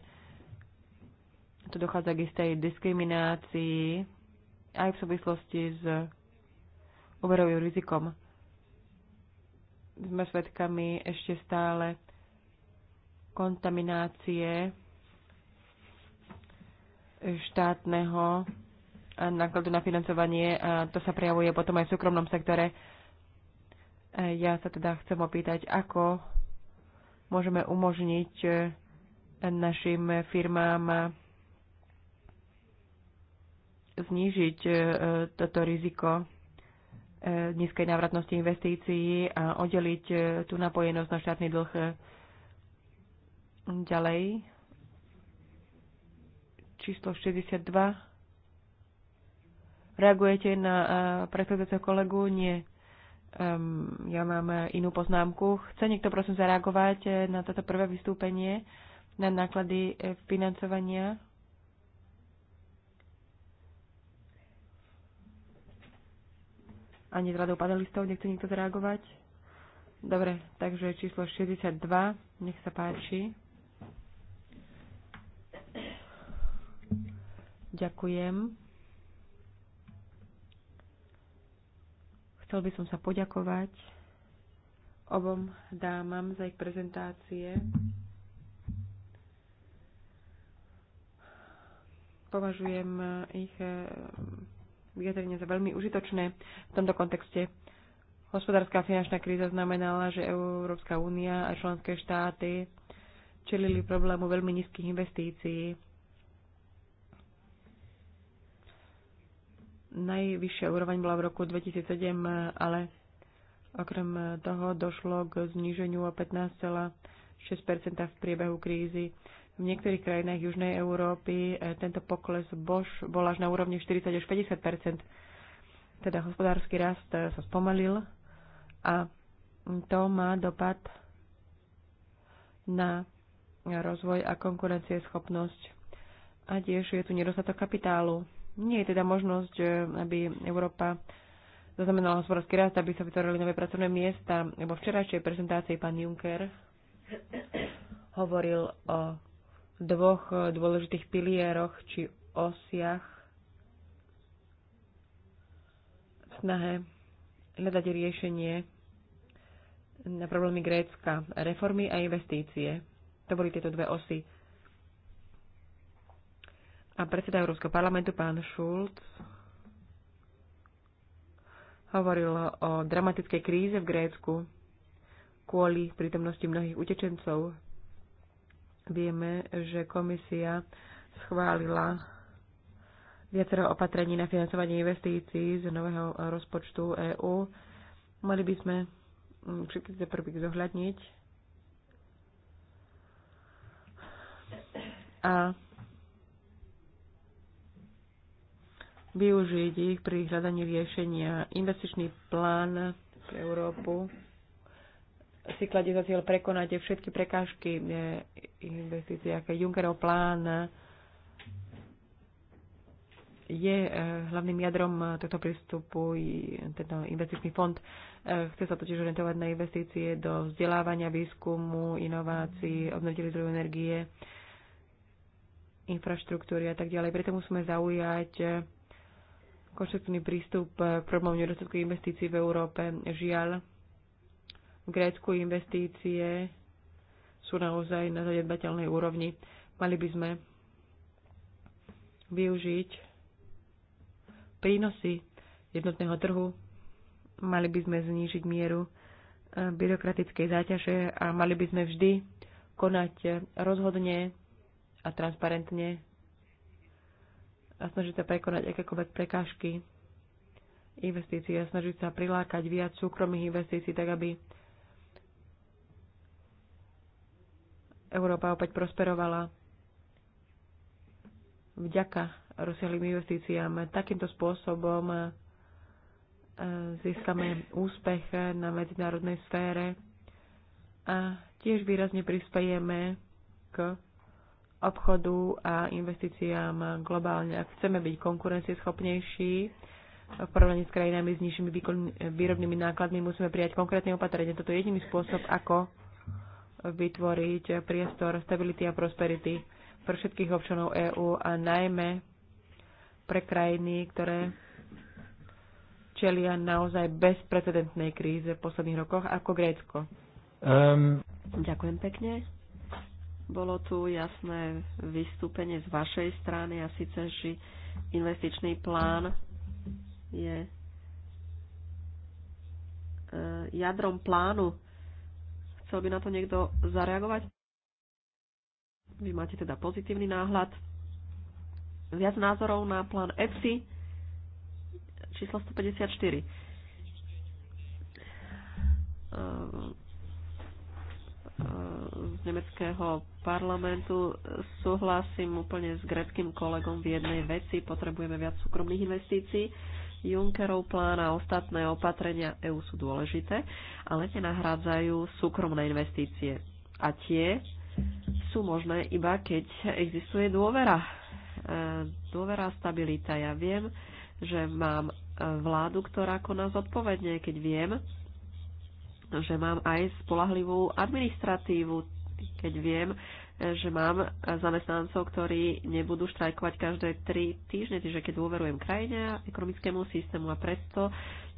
tu dochádza k istej diskriminácii aj v súvislosti s úverovým rizikom. Sme svedkami ešte stále kontaminácie štátneho nákladu na financovanie. A to sa prejavuje potom aj v súkromnom sektore. Ja sa teda chcem opýtať, ako môžeme umožniť e, našim firmám znížiť e, toto riziko e, nízkej návratnosti investícií a oddeliť tú napojenosť na štátny dlh ďalej. Číslo 62. Reagujete na eh, predchádzajúceho kolegu? Nie. Um, ja mám eh, inú poznámku. Chce niekto prosím zareagovať eh, na toto prvé vystúpenie, na náklady financovania? Ani z radou panelistov nechce nikto zareagovať? Dobre, takže číslo 62, nech sa páči. Ďakujem. Chcel by som sa poďakovať obom dámam za ich prezentácie. Považujem ich eh, vyjadrenie za veľmi užitočné v tomto kontexte. Hospodárska a finančná kríza znamenala, že Európska únia a členské štáty čelili problému veľmi nízkych investícií Najvyššia úroveň bola v roku 2007, ale okrem toho došlo k zníženiu o 15,6 v priebehu krízy. V niektorých krajinách Južnej Európy eh, tento pokles bož bol až na úrovni 40 až 50 Teda hospodársky rast eh, sa spomalil a to má dopad na rozvoj a konkurencieschopnosť. A tiež je tu nedostatok kapitálu. Nie je teda možnosť, e, aby Európa zaznamenala hospodársky rast, aby sa vytvorili nové pracovné miesta. Vo včerajšej prezentácii pán Juncker hovoril o dvoch dôležitých pilieroch či osiach v snahe hľadať riešenie na problémy Grécka, reformy a investície. To boli tieto dve osy a predseda Európskeho parlamentu, pán Schulz, hovoril o dramatickej kríze v Grécku kvôli prítomnosti mnohých utečencov. Vieme, že komisia schválila viacero opatrení na financovanie investícií z nového rozpočtu EÚ. Mali by sme všetky tieto prvky zohľadniť. A využiť ich pri hľadaní riešenia. Investičný plán pre Európu si kladie za cieľ prekonať všetky prekážky e, investícií, aké Junckerov plán je e, hlavným jadrom tohto prístupu tento investičný fond. E, chce sa totiž orientovať na investície do vzdelávania, výskumu, inovácií, obnoviteľných zdrojov energie, infraštruktúry a tak ďalej. Preto musíme zaujať konštruktívny prístup k eh, problému nedostatku investícií v Európe. Žiaľ, v Grécku investície sú naozaj na zanedbateľnej úrovni. Mali by sme využiť prínosy jednotného trhu, mali by sme znížiť mieru eh, byrokratickej záťaže a mali by sme vždy konať eh, rozhodne a transparentne a snažiť sa prekonať akékoľvek prekážky investícií a snažiť sa prilákať viac súkromných investícií, tak aby Európa opäť prosperovala vďaka rozsiahlým investíciám. Takýmto spôsobom eh, získame úspech na medzinárodnej sfére a tiež výrazne prispiejeme k obchodu a investíciám globálne. Ak chceme byť konkurencieschopnejší v porovnaní s krajinami s nižšími výrobnými nákladmi, musíme prijať konkrétne opatrenie. Toto je jediný spôsob, ako vytvoriť priestor stability a prosperity pre všetkých občanov EÚ a najmä pre krajiny, ktoré čelia naozaj bezprecedentnej kríze v posledných rokoch, ako Grécko. Um. Ďakujem pekne. Bolo tu jasné vystúpenie z vašej strany a síce, že investičný plán je e, jadrom plánu. Chcel by na to niekto zareagovať? Vy máte teda pozitívny náhľad. Viac názorov na plán EPSI číslo 154 z nemeckého parlamentu. Súhlasím úplne s greckým kolegom v jednej veci. Potrebujeme viac súkromných investícií. Junckerov plán a ostatné opatrenia EÚ sú dôležité, ale nahrádzajú súkromné investície. A tie sú možné iba, keď existuje dôvera. E, dôvera a stabilita. Ja viem, že mám vládu, ktorá koná zodpovedne, keď viem, No, že mám aj spolahlivú administratívu, keď viem, že mám zamestnancov, ktorí nebudú štrajkovať každé tri týždne, čiže keď dôverujem krajine a ekonomickému systému a preto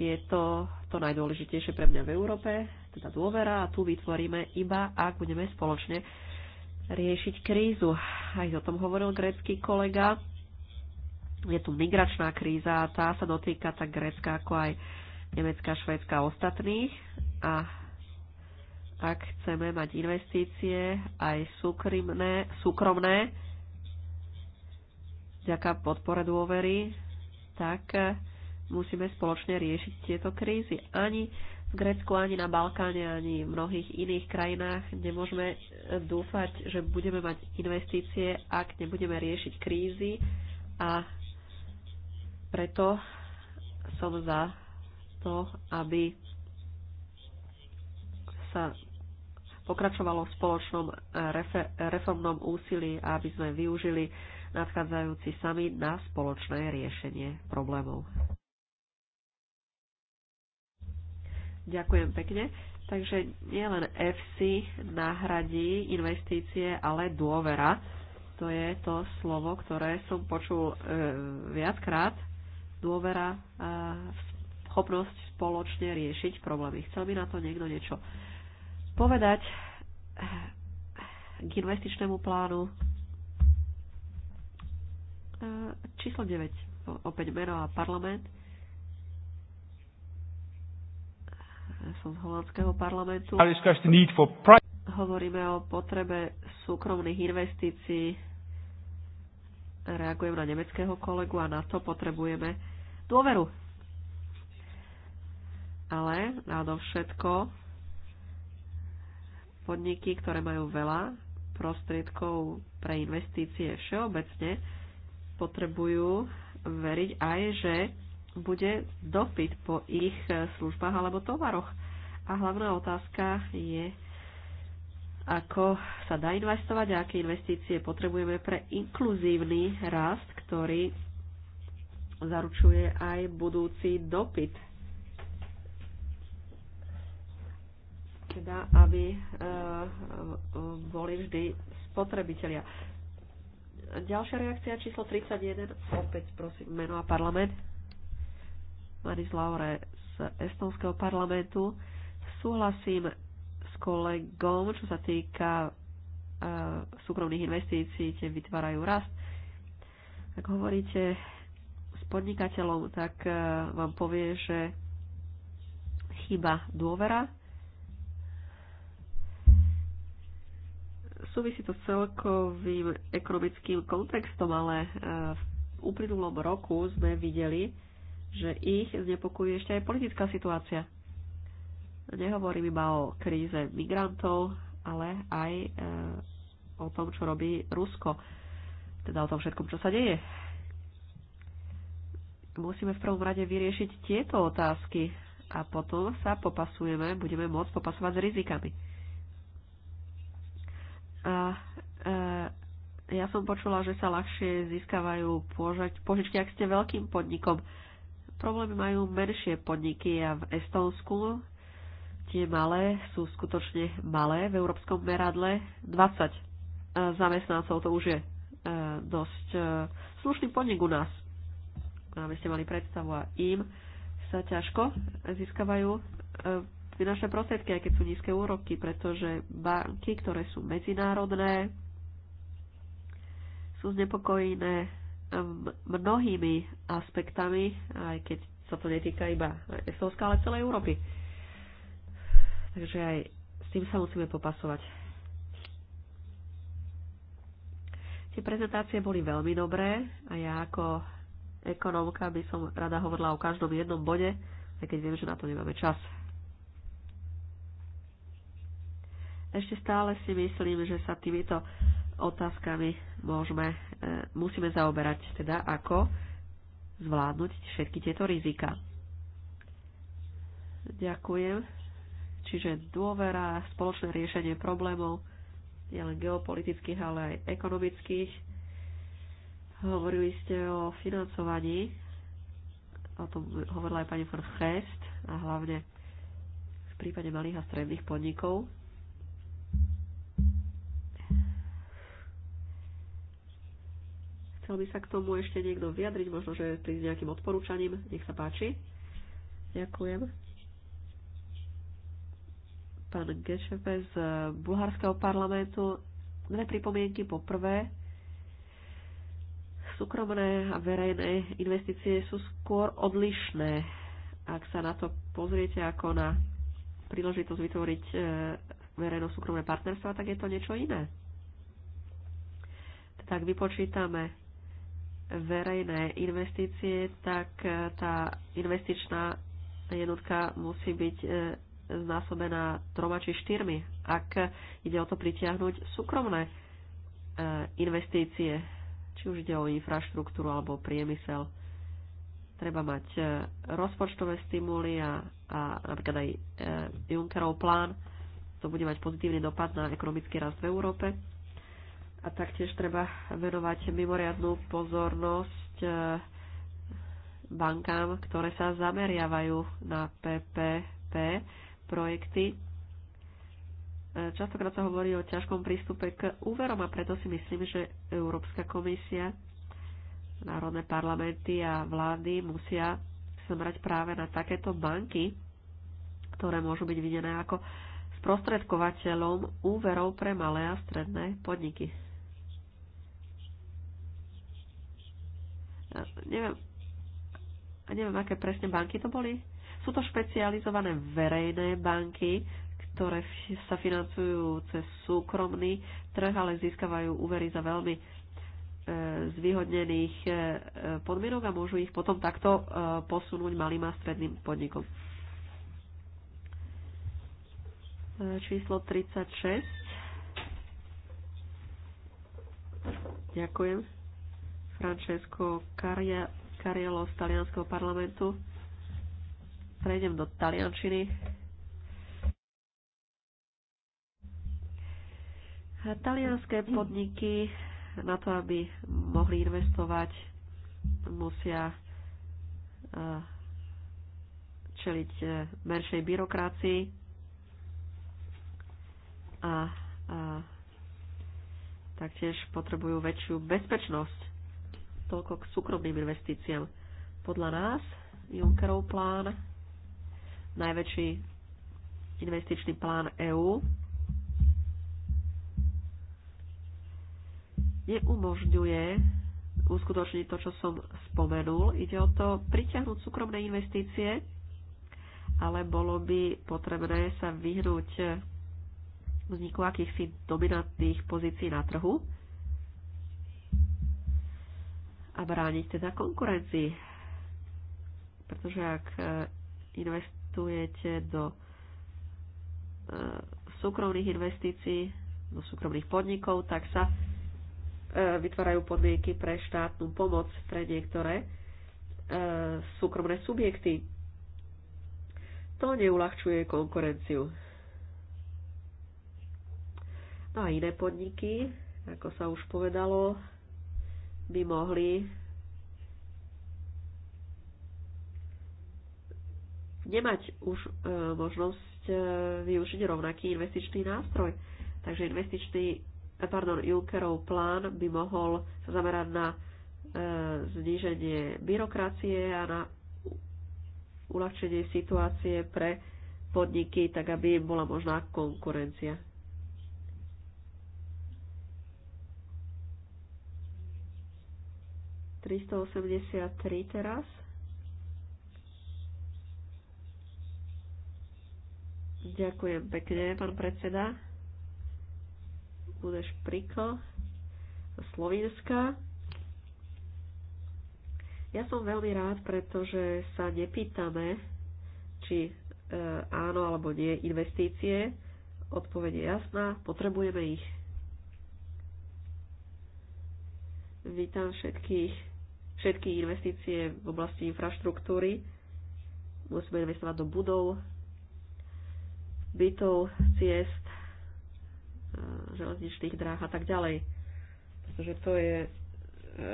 je to to najdôležitejšie pre mňa v Európe, teda dôvera a tu vytvoríme iba, ak budeme spoločne riešiť krízu. Aj o tom hovoril grécky kolega. Je tu migračná kríza a tá sa dotýka tak Grécka ako aj Nemecka, Švédska a ostatných. A ak chceme mať investície aj súkromné, súkromné vďaka podpore dôvery, tak e, musíme spoločne riešiť tieto krízy. Ani v Grécku, ani na Balkáne, ani v mnohých iných krajinách nemôžeme e, dúfať, že budeme mať investície, ak nebudeme riešiť krízy a preto som za to, aby sa pokračovalo v spoločnom eh, reformnom úsilí, aby sme využili nadchádzajúci sami na spoločné riešenie problémov. Ďakujem pekne. Takže nielen FC nahradí investície, ale dôvera. To je to slovo, ktoré som počul e, viackrát. Dôvera a schopnosť spoločne riešiť problémy. Chcel by na to niekto niečo povedať eh, k investičnému plánu. Eh, číslo 9, opäť meno a parlament. Eh, som z holandského parlamentu. Hovoríme o potrebe súkromných investícií. Reagujem na nemeckého kolegu a na to potrebujeme dôveru. Ale nádovšetko. všetko Podniky, ktoré majú veľa prostriedkov pre investície všeobecne, potrebujú veriť aj, že bude dopyt po ich službách alebo tovaroch. A hlavná otázka je, ako sa dá investovať a aké investície potrebujeme pre inkluzívny rast, ktorý zaručuje aj budúci dopyt teda, aby eh, eh, boli vždy spotrebitelia. Ďalšia reakcia číslo 31, opäť prosím meno a parlament. Maris Laure z Estonského parlamentu. Súhlasím s kolegom, čo sa týka eh, súkromných investícií, tie vytvárajú rast. Ak hovoríte s podnikateľom, tak vám povie, že chyba dôvera Súvisí to s celkovým ekonomickým kontextom, ale e, v uplynulom roku sme videli, že ich znepokojuje ešte aj politická situácia. Nehovorím iba o kríze migrantov, ale aj e, o tom, čo robí Rusko. Teda o tom všetkom, čo sa deje. Musíme v prvom rade vyriešiť tieto otázky a potom sa popasujeme, budeme môcť popasovať s rizikami. E, ja som počula, že sa ľahšie získavajú požičky, ak ste veľkým podnikom. Problémy majú menšie podniky a v Estonsku tie malé sú skutočne malé. V európskom meradle 20 e, zamestnancov, to už je e, dosť slušný podnik u nás. Aby ste mali predstavu a im sa ťažko získavajú finančné prostriedky, aj keď sú nízke úroky, pretože banky, ktoré sú medzinárodné, sú znepokojené mnohými aspektami, aj keď sa to netýka iba Estonska, ale celej Európy. Takže aj s tým sa musíme popasovať. Tie prezentácie boli veľmi dobré a ja ako ekonomka by som rada hovorila o každom jednom bode, aj keď viem, že na to nemáme čas. Ešte stále si myslím, že sa týmito otázkami môžeme, e, musíme zaoberať, teda ako zvládnuť všetky tieto rizika. Ďakujem. Čiže dôvera, spoločné riešenie problémov, nielen geopolitických, ale aj ekonomických. Hovorili ste o financovaní, o tom hovorila aj pani von Hest, a hlavne v prípade malých a stredných podnikov. Chcel by sa k tomu ešte niekto vyjadriť, možno, že s nejakým odporúčaním. Nech sa páči. Ďakujem. Pán Gešepe z Bulharského parlamentu. Dve pripomienky. Po prvé, súkromné a verejné investície sú skôr odlišné. Ak sa na to pozriete ako na príležitosť vytvoriť e, verejno-súkromné partnerstva, tak je to niečo iné. Tak vypočítame verejné investície, tak e, tá investičná jednotka musí byť e, znásobená troma či štyrmi, ak ide o to pritiahnuť súkromné e, investície, či už ide o infraštruktúru alebo priemysel. Treba mať rozpočtové stimuly a, a napríklad aj Junckerov plán. To bude mať pozitívny dopad na ekonomický rast v Európe a taktiež treba venovať mimoriadnú pozornosť e, bankám, ktoré sa zameriavajú na PPP projekty. E, častokrát sa hovorí o ťažkom prístupe k úverom a preto si myslím, že Európska komisia, národné parlamenty a vlády musia zamerať práve na takéto banky, ktoré môžu byť videné ako sprostredkovateľom úverov pre malé a stredné podniky. neviem, neviem, aké presne banky to boli. Sú to špecializované verejné banky, ktoré sa financujú cez súkromný trh, ale získavajú úvery za veľmi e, zvýhodnených e, podmienok a môžu ich potom takto e, posunúť malým a stredným podnikom. Číslo 36. Ďakujem. Francesco Caria, Cariello z talianského parlamentu. Prejdem do taliančiny. Talianské podniky na to, aby mohli investovať, musia čeliť e, menšej byrokracii a, a taktiež potrebujú väčšiu bezpečnosť Toľko k súkromným investíciám. Podľa nás Junckerov plán, najväčší investičný plán EÚ, neumožňuje uskutočniť to, čo som spomenul. Ide o to priťahnuť súkromné investície, ale bolo by potrebné sa vyhnúť vzniku akýchsi dominantných pozícií na trhu a brániť teda konkurencii. Pretože ak e, investujete do e, súkromných investícií, do súkromných podnikov, tak sa e, vytvárajú podmienky pre štátnu pomoc pre niektoré súkromné subjekty. To neulahčuje konkurenciu. No a iné podniky, ako sa už povedalo, by mohli nemať už e, možnosť e, využiť rovnaký investičný nástroj. Takže investičný, e, pardon, Junckerov plán by mohol sa zamerať na e, zníženie byrokracie a na uľahčenie situácie pre podniky, tak aby im bola možná konkurencia. 383 teraz. Ďakujem pekne, pán predseda. Budeš prikl zo Slovenska. Ja som veľmi rád, pretože sa nepýtame, či e, áno alebo nie investície. Odpoveď je jasná, potrebujeme ich. Vítam všetkých všetky investície v oblasti infraštruktúry. Musíme investovať do budov, bytov, ciest, e, železničných dráh a tak ďalej. Pretože to je e, e,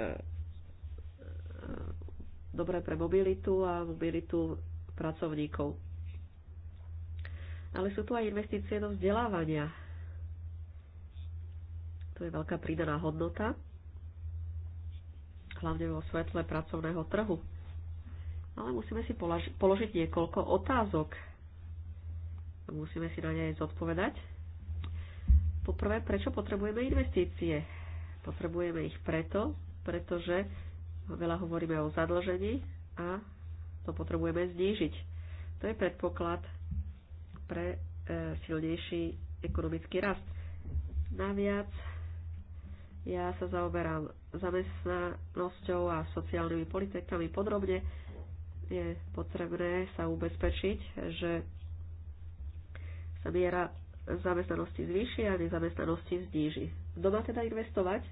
dobré pre mobilitu a mobilitu pracovníkov. Ale sú tu aj investície do vzdelávania. To je veľká pridaná hodnota hlavne vo svetle pracovného trhu. Ale musíme si položiť niekoľko otázok. Musíme si na ne aj zodpovedať. Poprvé, prečo potrebujeme investície? Potrebujeme ich preto, pretože veľa hovoríme o zadlžení a to potrebujeme znížiť. To je predpoklad pre e, silnejší ekonomický rast. Naviac ja sa zaoberám zamestnanosťou a sociálnymi politikami podrobne. Je potrebné sa ubezpečiť, že sa miera zamestnanosti zvýši a nezamestnanosti zníži. Kto má teda investovať?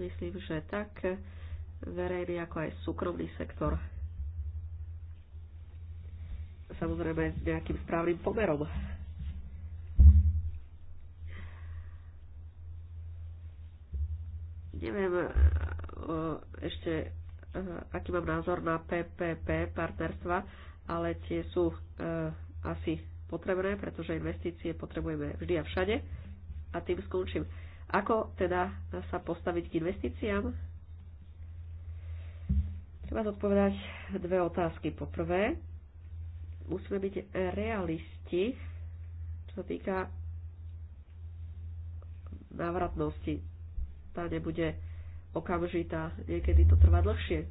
Myslím, že tak verejný ako aj súkromný sektor. Samozrejme s nejakým správnym pomerom Neviem e, ešte, e, aký mám názor na PPP partnerstva, ale tie sú e, asi potrebné, pretože investície potrebujeme vždy a všade. A tým skončím. Ako teda sa postaviť k investíciám? Treba zodpovedať dve otázky. Poprvé, musíme byť realisti, čo sa týka návratnosti tá nebude okamžitá, niekedy to trvá dlhšie.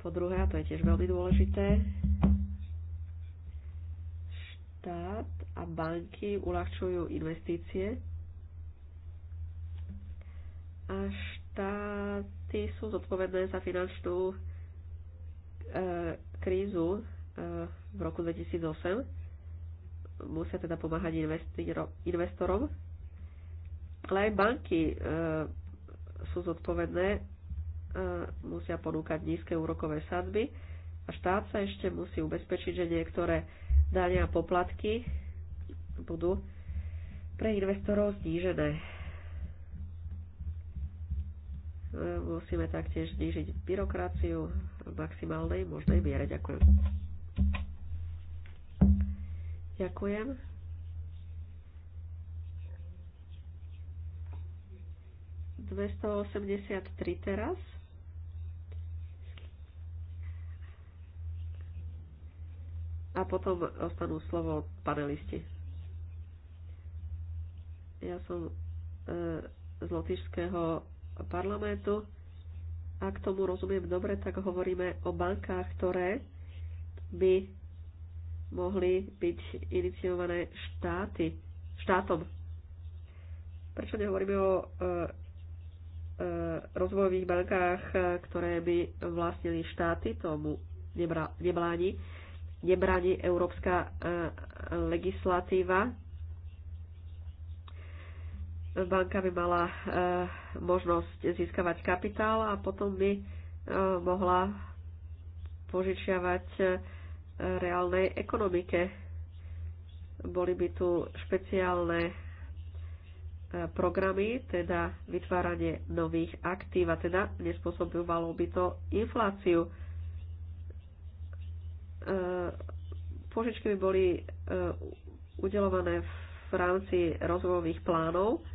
Po druhé, a to je tiež veľmi dôležité, štát a banky uľahčujú investície a štáty sú zodpovedné za finančnú e, krízu e, v roku 2008. Musia teda pomáhať investorom ale aj banky e, sú zodpovedné, e, musia ponúkať nízke úrokové sadzby a štát sa ešte musí ubezpečiť, že niektoré dania a poplatky budú pre investorov znížené. E, musíme taktiež znížiť byrokraciu v maximálnej možnej miere. Ďakujem. Ďakujem. 283 teraz. A potom ostanú slovo panelisti. Ja som e, z Lotyšského parlamentu. Ak tomu rozumiem dobre, tak hovoríme o bankách, ktoré by mohli byť iniciované štáty, štátom. Prečo nehovoríme o e, Eh, rozvojových bankách, eh, ktoré by vlastnili štáty, tomu nebráni, nebráni európska eh, legislatíva. Banka by mala možnosť získavať kapitál a potom by mohla požičiavať reálnej ekonomike. Boli by tu špeciálne E, programy, teda vytváranie nových aktív a teda nespôsobovalo by to infláciu. E, požičky by boli e, udelované v rámci rozvojových plánov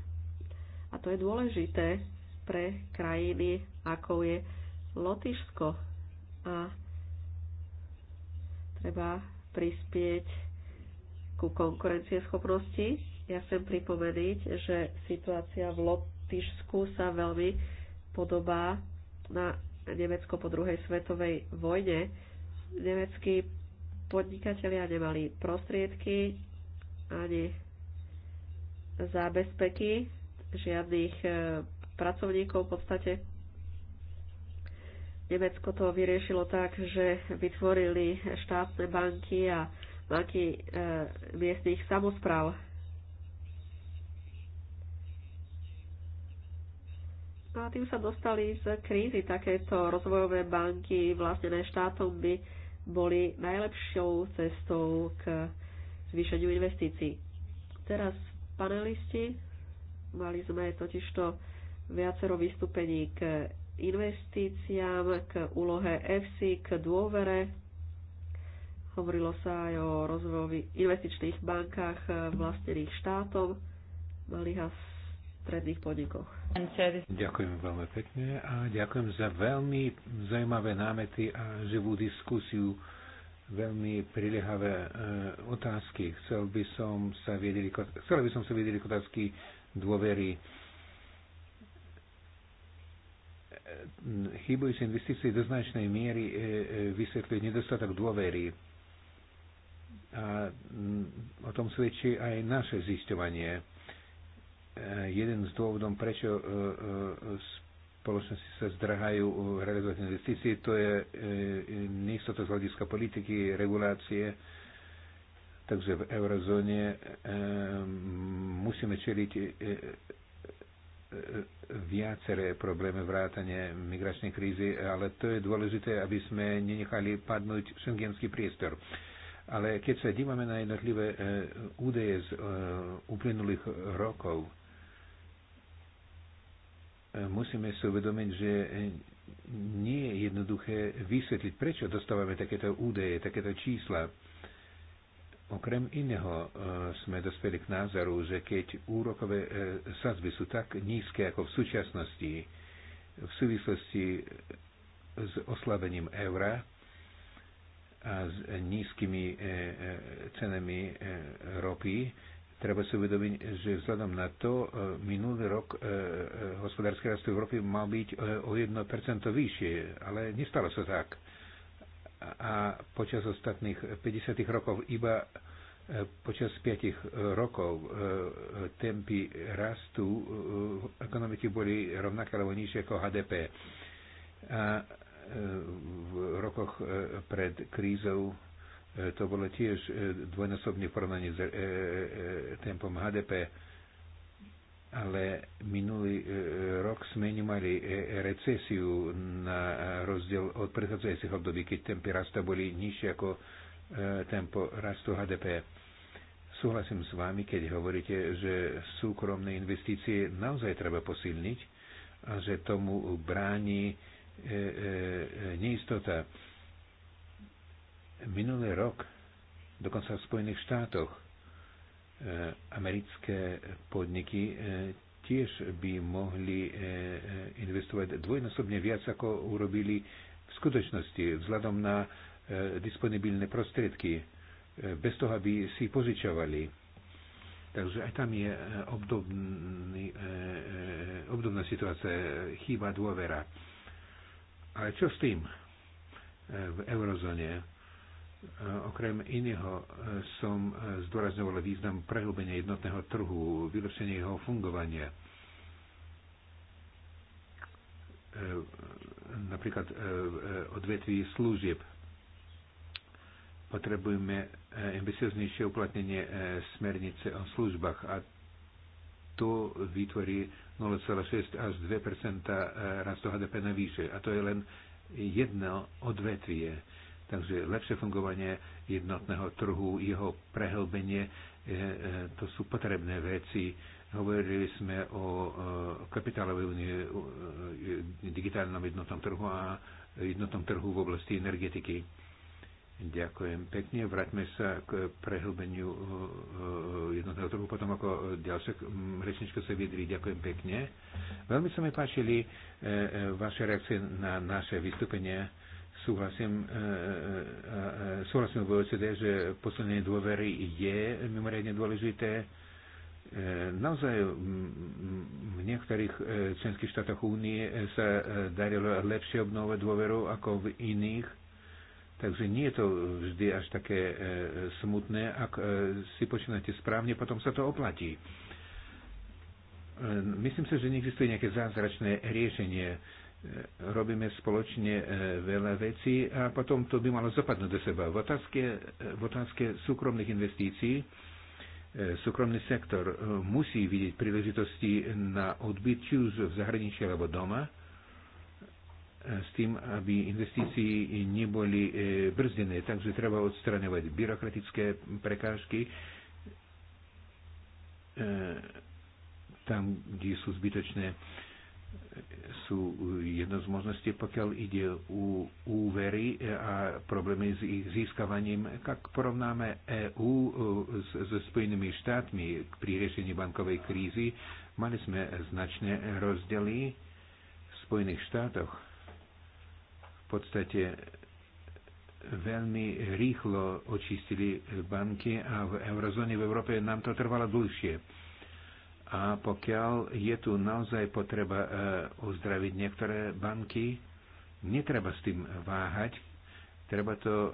a to je dôležité pre krajiny, ako je Lotyšsko. A treba prispieť ku konkurencieschopnosti ja chcem pripovediť, že situácia v Lotyšsku sa veľmi podobá na Nemecko po druhej svetovej vojne. Nemeckí podnikatelia nemali prostriedky ani zábezpeky, žiadnych e, pracovníkov v podstate. Nemecko to vyriešilo tak, že vytvorili štátne banky a banky e, miestných samozpráv No a tým sa dostali z krízy. Takéto rozvojové banky vlastnené štátom by boli najlepšou cestou k zvýšeniu investícií. Teraz panelisti, mali sme totižto viacero vystúpení k investíciám, k úlohe EFSI, k dôvere. Hovorilo sa aj o rozvojových investičných bankách vlastnených štátom, Mali has stredných podnikoch. Ďakujem veľmi pekne a ďakujem za veľmi zaujímavé námety a živú diskusiu, veľmi priliehavé e, otázky. Chcel by som sa viedeli, chcel by som sa vedeli otázky dôvery e, chýbajúce investície do značnej miery e, e, vysvetľuje nedostatok dôvery. A o tom svedčí aj naše zisťovanie jeden z dôvodom, prečo e, e, spoločnosti sa zdrhajú e, realizovať investície, to je neistota z hľadiska politiky, regulácie. Takže v eurozóne musíme čeliť viaceré problémy vrátane migračnej krízy, ale to je dôležité, aby sme nenechali padnúť šengenský priestor. Ale keď sa dívame na jednotlivé údaje z uplynulých rokov, musíme si uvedomiť, že nie je jednoduché vysvetliť, prečo dostávame takéto údaje, takéto čísla. Okrem iného e, sme dospeli k názoru, že keď úrokové e, sazby sú tak nízke ako v súčasnosti, v súvislosti s oslabením eura a s nízkymi e, cenami ropy, Treba si uvedomiť, že vzhľadom na to e, minulý rok e, e, hospodársky rast Európy mal byť o 1% vyššie, ale nestalo sa tak. A počas ostatných 50 rokov iba počas 5 rokov tempy rastu ekonomiky boli rovnaké alebo nižšie ako HDP. A v rokoch pred krízou E, to bolo tiež e, dvojnásobne porovnanie s e, tempom HDP, ale minulý rok sme nemali recesiu na rozdiel od predchádzajúcich období, keď tempy rastu boli nižšie ako tempo rastu HDP. Súhlasím s vami, keď hovoríte, že súkromné investície naozaj treba posilniť a že tomu bráni neistota Minulý rok, dokonca v Spojených štátoch, e, americké podniky e, tiež by mohli e, investovať dvojnásobne viac, ako urobili v skutočnosti, vzhľadom na disponibilné prostriedky, bez toho, aby si požičovali. Takže aj tam je obdobný, obdobná situácia, chýba dôvera. Ale čo s tým v eurozóne? Eh, okrem iného eh, som eh, zdôrazňoval význam prehlbenia jednotného trhu, vylepšenie jeho fungovania. Napríklad odvetví služieb. Potrebujeme ambicioznejšie uplatnenie smernice o službách a to vytvorí 0,6 až 2 rastu HDP na výše. A to je len jedno odvetvie Takže lepšie fungovanie jednotného trhu, jeho prehlbenie, e, e, to sú potrebné veci. Hovorili sme o e, kapitálovej únie, digitálnom jednotnom trhu a jednotnom trhu v oblasti energetiky. Ďakujem pekne. Vráťme sa k prehlbeniu jednotného trhu, potom ako ďalšia rečnička sa vydrí. Ďakujem pekne. Veľmi sa mi páčili vaše reakcie na naše vystúpenie súhlasím, e, e, e, súhlasím v OECD, že posilnenie dôvery je mimoriadne dôležité. Naozaj v niektorých členských štátoch únie sa darilo lepšie obnovať dôveru ako v iných. Takže nie je to vždy až také smutné. Ak si počínate správne, potom sa to oplatí. Myslím si, že neexistuje nejaké zázračné riešenie robíme spoločne e, veľa vecí a potom to by malo zapadnúť do seba. V otázke, e, v otázke súkromných investícií e, súkromný sektor musí vidieť príležitosti na odbyt či už v zahraničí alebo doma s tým, aby investícii neboli brzdené. Takže treba odstraňovať byrokratické prekážky tam, kde sú zbytočné sú jedna z možností, pokiaľ ide o úvery a problémy s ich získavaním. Ak porovnáme EÚ e, so Spojenými štátmi pri riešení bankovej krízy, mali sme značné rozdiely v Spojených štátoch. V podstate veľmi rýchlo očistili banky a v eurozóne v Európe nám to trvalo dlhšie a pokiaľ je tu naozaj potreba e, uzdraviť niektoré banky, netreba s tým váhať, treba to e,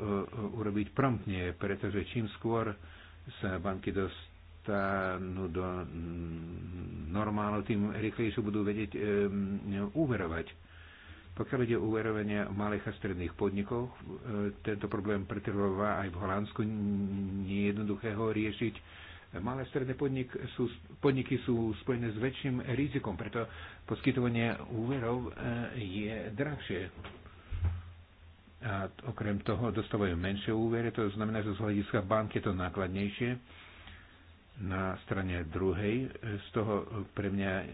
urobiť promptne, pretože čím skôr sa banky dostanú do normálu, tým rýchlejšie budú vedieť e, úverovať. Pokiaľ ide o úverovanie malých a stredných podnikov, tento problém pretrvová aj v Holandsku, nie jednoduché ho riešiť Malé stredné podnik sú, podniky sú spojené s väčším rizikom, preto poskytovanie úverov e, je drahšie. A okrem toho dostávajú menšie úvery, to znamená, že z hľadiska banky je to nákladnejšie. Na strane druhej e, z toho pre mňa e,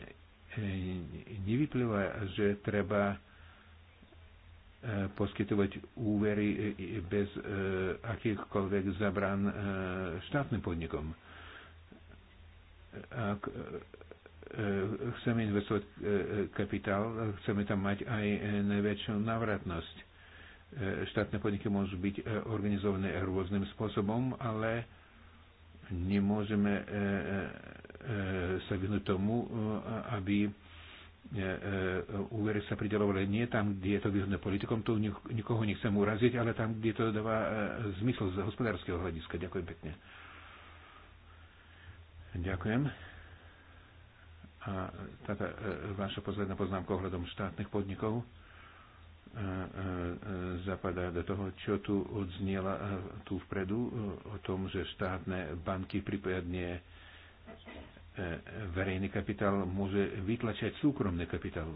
nevyplýva, že treba poskytovať úvery bez akýchkoľvek zabran štátnym podnikom ak e, e, chceme investovať e, kapitál, chceme tam mať aj najväčšiu návratnosť. Štátne podniky môžu byť organizované rôznym spôsobom, ale nemôžeme sa vyhnúť tomu, aby úvery sa pridelovali nie tam, kde je to výhodné politikom, tu nikoho nechcem uraziť, ale tam, kde to dáva zmysel z hospodárskeho hľadiska. Ďakujem pekne. Ďakujem. A táto e, vaša posledná poznámka ohľadom štátnych podnikov e, e, zapadá do toho, čo tu odzniela tu vpredu o tom, že štátne banky, prípadne verejný kapitál môže vytlačať súkromný kapitál.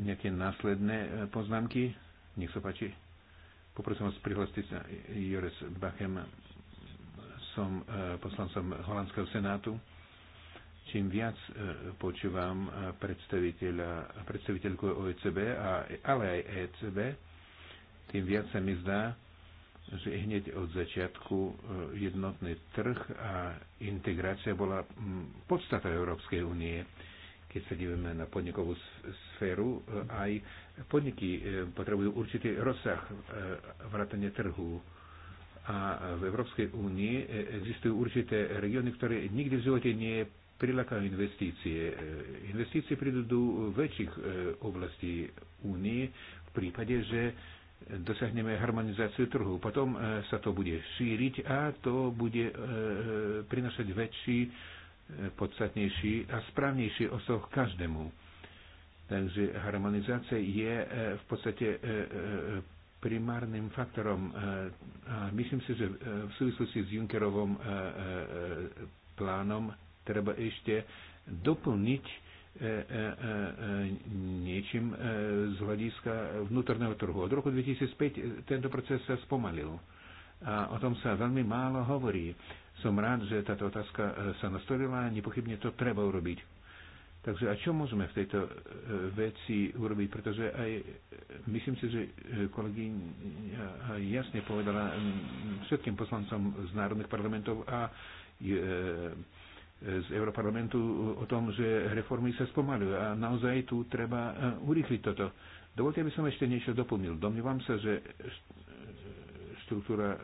Nejaké následné poznámky? Nech sa páči. Poprosím vás, prihlastiť sa Jores Bachem som e, poslancom Holandského senátu, čím viac e, počúvam e, predstaviteľa, predstaviteľku OECB, a, ale aj ECB, tým viac sa mi zdá, že hneď od začiatku jednotný trh a integrácia bola podstata Európskej únie. Keď sa dívame na podnikovú sféru, aj podniky potrebujú určitý rozsah vrátania trhu a v Európskej únii existujú určité regióny, ktoré nikdy v živote nie prilákajú investície. Investície prídu do väčších e, oblastí únie v prípade, že dosiahneme harmonizáciu trhu. Potom e, sa to bude šíriť a to bude e, prinašať väčší, podstatnejší a správnejší osoch každému. Takže harmonizácia je v podstate primárnym faktorom. E, a myslím si, že e, v súvislosti s Junckerovom e, plánom treba ešte doplniť niečím z hľadiska vnútorného trhu. Od roku 2005 tento proces sa spomalil a o tom sa veľmi málo hovorí. Som rád, že táto otázka sa nastolila a nepochybne to treba urobiť. Takže a čo môžeme v tejto e, veci urobiť? Pretože aj e, myslím si, že e, kolegyňa jasne povedala všetkým poslancom z národných parlamentov a z Europarlamentu o tom, že reformy sa spomalujú a naozaj tu treba urýchliť toto. Dovolte, aby som ešte niečo doplnil. Domnívam sa, že štruktúra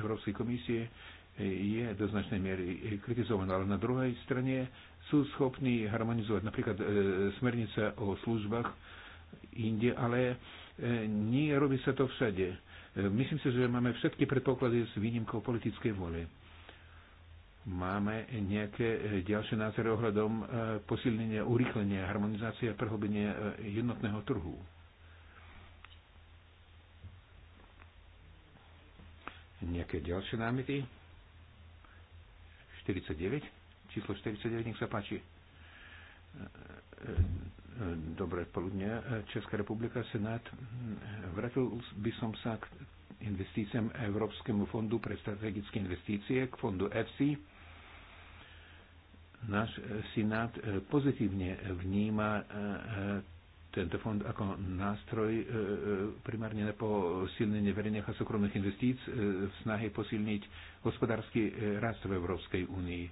Európskej komisie je do značnej miery kritizovaná, ale na druhej strane sú schopní harmonizovať napríklad e, smernica o službách inde, ale e, nie robí sa to všade. E, myslím si, že máme všetky predpoklady s výnimkou politickej vole. Máme nejaké e, ďalšie názory ohľadom e, posilnenia, urýchlenia, harmonizácie a prehlbenia e, jednotného trhu. Nejaké ďalšie námety? 49 číslo 49, nech sa páči. Dobré poludne. Česká republika, Senát. Vrátil by som sa k investíciám Európskemu fondu pre strategické investície, k fondu EFSI. Náš Senát pozitívne vníma e, tento fond ako nástroj e, primárne na posilnenie verejných a súkromných investíc e, v snahe posilniť hospodársky rast v Európskej únii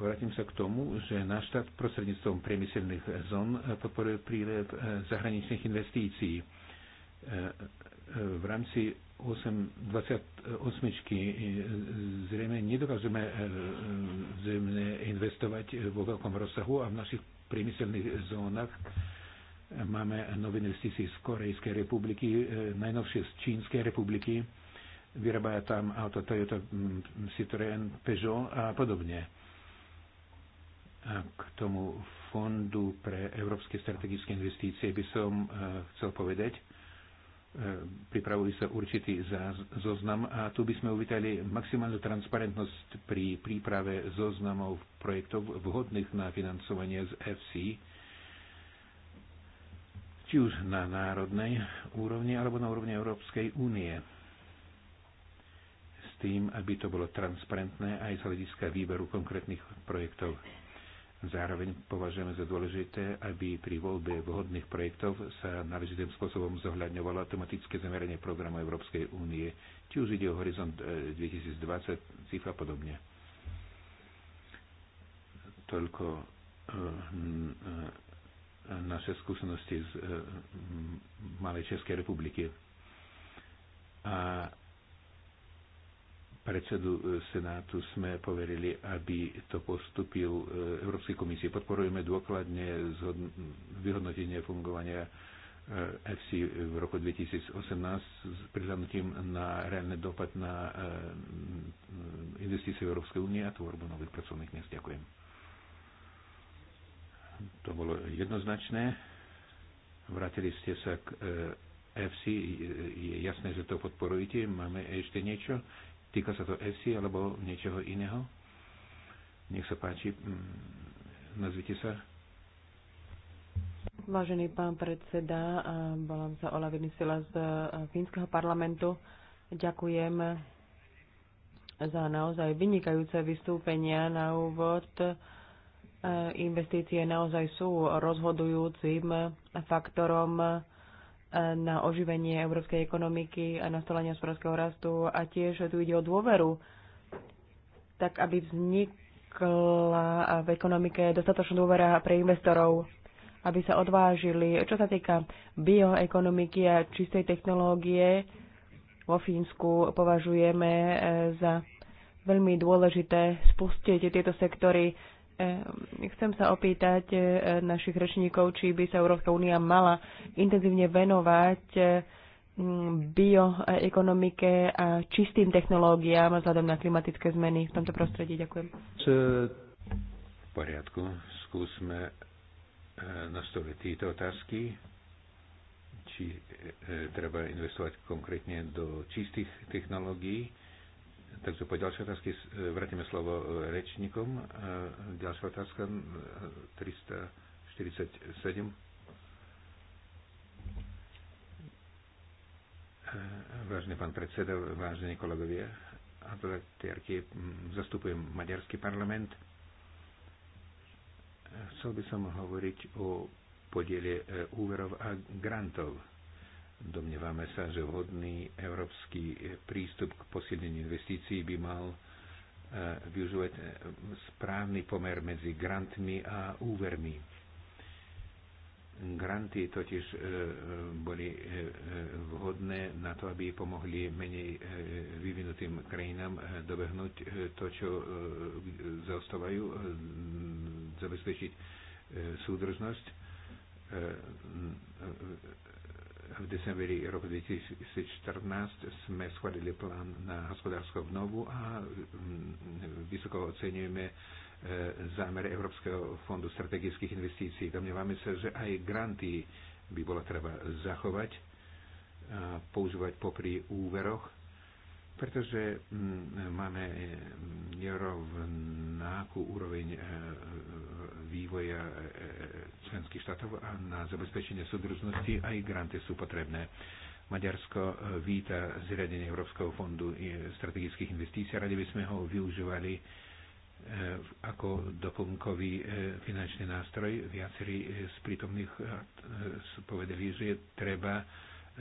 Vrátim sa k tomu, že náš štát prostredníctvom priemyselných zón podporuje prílep eh, zahraničných investícií. Eh, eh, v rámci 8, 28 zrejme nedokážeme zrejme investovať vo veľkom rozsahu a v našich priemyselných zónach máme nové investície z Korejskej republiky, najnovšie z Čínskej republiky, vyrábajú tam auto Toyota, mm, Citroën, Peugeot a podobne k tomu fondu pre európske strategické investície by som e, chcel povedať, e, pripravuje sa určitý zoznam a tu by sme uvítali maximálnu transparentnosť pri príprave zoznamov projektov vhodných na financovanie z FC, či už na národnej úrovni alebo na úrovni Európskej únie s tým, aby to bolo transparentné aj z hľadiska výberu konkrétnych projektov Zároveň považujeme za dôležité, aby pri voľbe vhodných projektov sa náležitým spôsobom zohľadňovalo tematické zameranie programu Európskej únie, či už ide o horizont 2020, CIF a podobne. Toľko e, e, naše skúsenosti z e, malej Českej republiky. A predsedu e, Senátu sme poverili, aby to postupil e, Európskej komisie. Podporujeme dôkladne vyhodnotenie fungovania e, FC v roku 2018 s prihľadnutím na reálny dopad na investície Európskej únie a tvorbu nových pracovných miest. Ďakujem. To bolo jednoznačné. Vrátili ste sa k FC. Je jasné, že to podporujete. Máme ešte niečo? Týka sa to ESI alebo niečoho iného? Nech sa páči, mm, nazvite sa. Vážený pán predseda, volám sa Ola Vinisila z e, Fínskeho parlamentu. Ďakujem za naozaj vynikajúce vystúpenia na úvod. E, investície naozaj sú rozhodujúcim faktorom na oživenie európskej ekonomiky a nastolenie hospodárskeho rastu a tiež tu ide o dôveru, tak aby vznikla v ekonomike dostatočná dôvera pre investorov, aby sa odvážili. Čo sa týka bioekonomiky a čistej technológie, vo Fínsku považujeme eh, za veľmi dôležité spustiť tieto sektory Ehm, chcem sa opýtať e, našich rečníkov, či by sa Európska únia mala intenzívne venovať e, bioekonomike a čistým technológiám vzhľadom na klimatické zmeny v tomto prostredí. Ďakujem. V poriadku, skúsme e, nastaviť tieto otázky, či treba investovať konkrétne do čistých technológií Takže po ďalšej otázky e, vrátime slovo e, rečníkom. E, ďalšia otázka 347. Vážený pán predseda, vážení kolegovia, a advokátierky, teda zastupujem maďarský parlament. Chcel by som hovoriť o podiele úverov a grantov Domnievame sa, že vhodný európsky prístup k posilneniu investícií by mal e, využívať e, správny pomer medzi grantmi a úvermi. Granty totiž e, boli vhodné na to, aby pomohli menej vyvinutým krajinám dobehnúť to, čo zaostávajú, zabezpečiť súdržnosť v decembri roku 2014 sme schválili plán na hospodárskú obnovu a mm, vysoko oceňujeme e, zámer Európskeho fondu strategických investícií. Domnievame sa, že aj granty by bolo treba zachovať a používať popri úveroch pretože mm, máme e, nerovnakú úroveň e, e, vývoja členských štátov a na zabezpečenie súdružnosti aj granty sú potrebné. Maďarsko víta zriadenie Európskeho fondu strategických investícií. Radi by sme ho využívali ako doplnkový finančný nástroj. Viacerí z prítomných povedali, že treba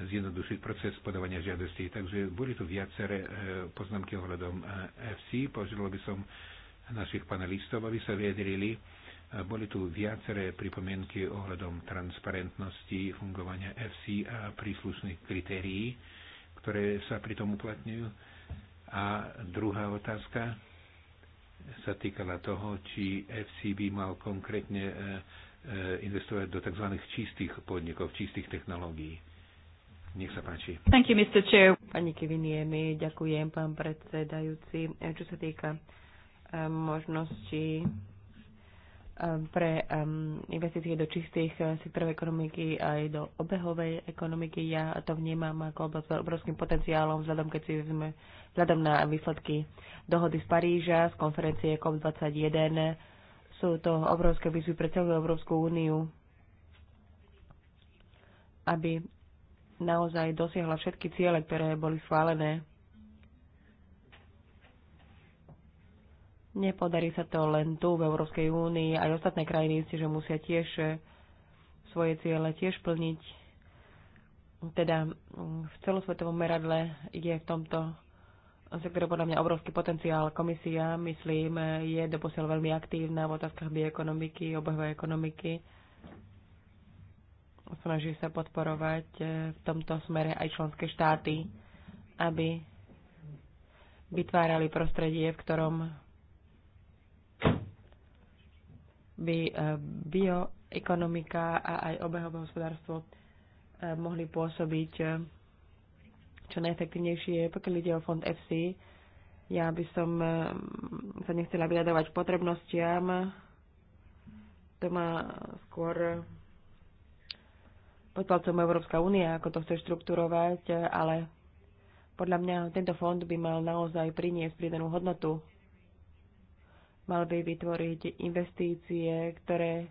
zjednodušiť proces podávania žiadosti. Takže boli tu viaceré e, poznámky ohľadom e, FC. Požiadal by som našich panelistov, aby sa vyjadrili. E, boli tu viaceré pripomienky ohľadom transparentnosti fungovania FC a príslušných kritérií, ktoré sa pri tom uplatňujú. A druhá otázka sa týkala toho, či FC by mal konkrétne investovať do tzv. čistých podnikov, čistých technológií. Nech sa páči. Thank you, Mr. Chair. Pani Kiviniemi, ďakujem, pán predsedajúci. Čo sa týka eh, možnosti eh, pre eh, investície do čistých sektorov ekonomiky aj do obehovej ekonomiky. Ja to vnímam ako oblasť s obrovským potenciálom, vzhľadom, keď si vzme, vzhľadom na výsledky dohody z Paríža, z konferencie COP21. Sú to obrovské výzvy pre celú Európsku úniu, aby naozaj dosiahla všetky ciele, ktoré boli schválené. Nepodarí sa to len tu v Európskej únii, aj ostatné krajiny isté, že musia tiež eh, svoje ciele tiež plniť. Teda mm, v celosvetovom meradle je v tomto sektore podľa mňa obrovský potenciál. Komisia, myslím, je doposiaľ veľmi aktívna v otázkach bioekonomiky, obehovej ekonomiky snaží sa podporovať e, v tomto smere aj členské štáty, aby vytvárali prostredie, v ktorom by e, bioekonomika a aj obehové hospodárstvo e, mohli pôsobiť čo najefektívnejšie. Pokiaľ ide o fond FC, ja by som sa nechcela vyjadrovať potrebnostiam. To má skôr podľa som Európska únia, ako to chce štruktúrovať, e, ale podľa mňa tento fond by mal naozaj priniesť pridanú hodnotu. Mal by vytvoriť investície, ktoré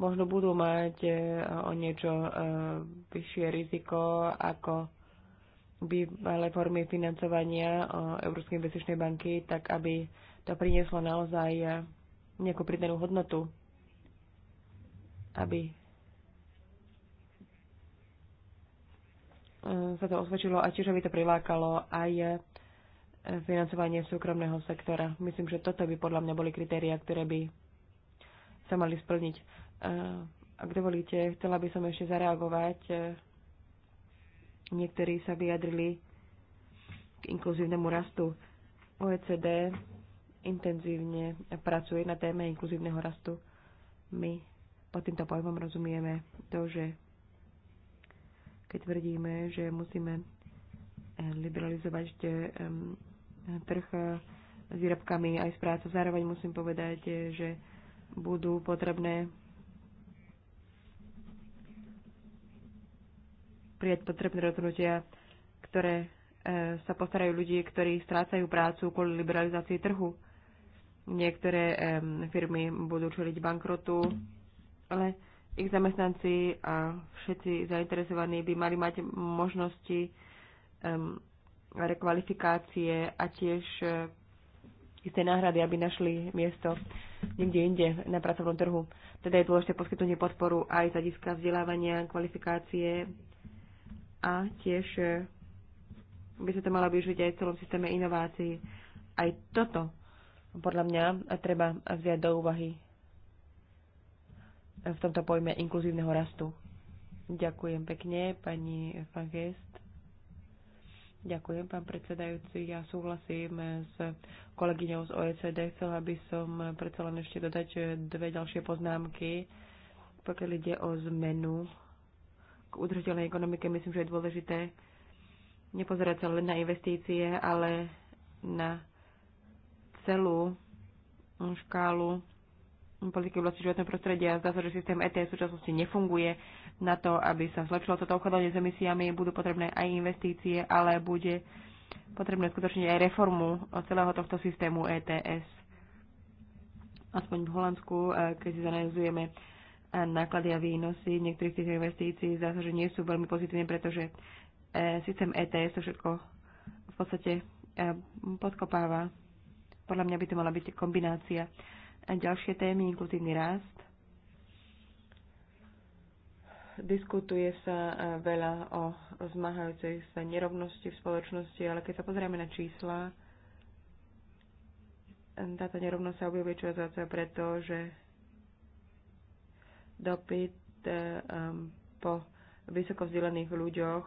možno budú mať e, o niečo e, vyššie riziko ako bývalé formy financovania Európskej investičnej banky, tak aby to prinieslo naozaj nejakú pridanú hodnotu, aby Eh, sa to osvedčilo a tiež by to prilákalo aj eh, financovanie súkromného sektora. Myslím, že toto by podľa mňa boli kritéria, ktoré by sa mali splniť. Eh, ak dovolíte, chcela by som ešte zareagovať. Niektorí sa vyjadrili k inkluzívnemu rastu. OECD intenzívne pracuje na téme inkluzívneho rastu. My pod týmto pojmom rozumieme to, že keď tvrdíme, že musíme eh, liberalizovať eh, trh eh, s výrobkami aj s prácou. Zároveň musím povedať, že budú potrebné prijať potrebné rozhodnutia, ktoré sa postarajú ľudí, ktorí strácajú prácu kvôli liberalizácii trhu. Niektoré firmy budú čeliť bankrotu, ale ich zamestnanci a všetci zainteresovaní by mali mať možnosti um, rekvalifikácie a tiež uh, isté náhrady, aby našli miesto niekde inde na pracovnom trhu. Teda je dôležité poskytnutie podporu aj z hľadiska vzdelávania, kvalifikácie a tiež e, by sa to malo využiť aj v celom systéme inovácií. Aj toto podľa mňa treba vziať do úvahy v tomto pojme inkluzívneho rastu. Ďakujem pekne, pani Fangest. Ďakujem, pán predsedajúci. Ja súhlasím s kolegyňou z OECD. Chcela by som predsa len ešte dodať dve ďalšie poznámky. Pokiaľ ide o zmenu k udržateľnej ekonomike, myslím, že je dôležité nepozerať sa len na investície, ale na celú škálu politiky v oblasti životného prostredia. Zdá sa, že systém ETS v súčasnosti nefunguje na to, aby sa zlepšilo toto obchodovanie s emisiami. Budú potrebné aj investície, ale bude potrebné skutočne aj reformu celého tohto systému ETS. Aspoň v Holandsku, eh, keď si zanalizujeme eh, náklady a výnosy niektorých tých investícií, zdá sa, že nie sú veľmi pozitívne, pretože eh, systém ETS to všetko v podstate podkopáva. Podľa mňa by to mala byť kombinácia a ďalšie témy, inkluzívny rast. Diskutuje sa e, veľa o zmáhajúcej sa nerovnosti v spoločnosti, ale keď sa pozrieme na čísla, táto nerovnosť sa objavuje čoraz preto, pretože dopyt e, e, po vysokozdelených ľuďoch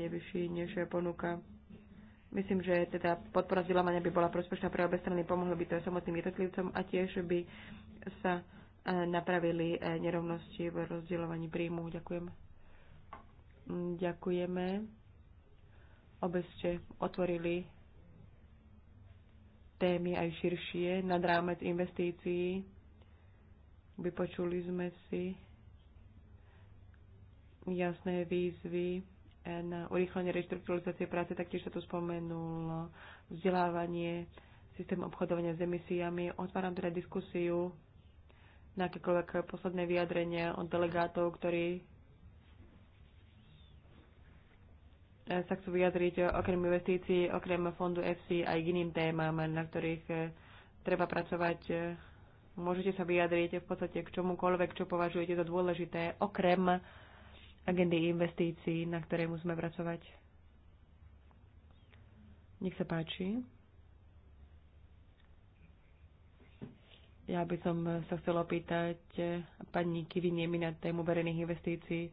je vyšší než ponuka Myslím, že teda podpora vzdelávania by bola prospešná pre obe strany, pomohlo by to aj samotným jednotlivcom a tiež by sa e, napravili e, nerovnosti v rozdielovaní príjmu. Ďakujem. Ďakujeme. Obe ste otvorili témy aj širšie, nad rámec investícií. Vypočuli sme si jasné výzvy na urýchlenie reštrukturalizácie práce, taktiež sa tu spomenulo vzdelávanie, systém obchodovania s emisiami. Otváram teda diskusiu na akékoľvek posledné vyjadrenia od delegátov, ktorí sa chcú vyjadriť okrem investícií, okrem fondu FC aj k iným témam, na ktorých eh, treba pracovať. Môžete sa vyjadriť v podstate k čomukoľvek, čo považujete za dôležité, okrem agendy investícií, na ktorej musíme pracovať. Nech sa páči. Ja by som sa chcela opýtať pani Kiviniemi na tému verejných investícií.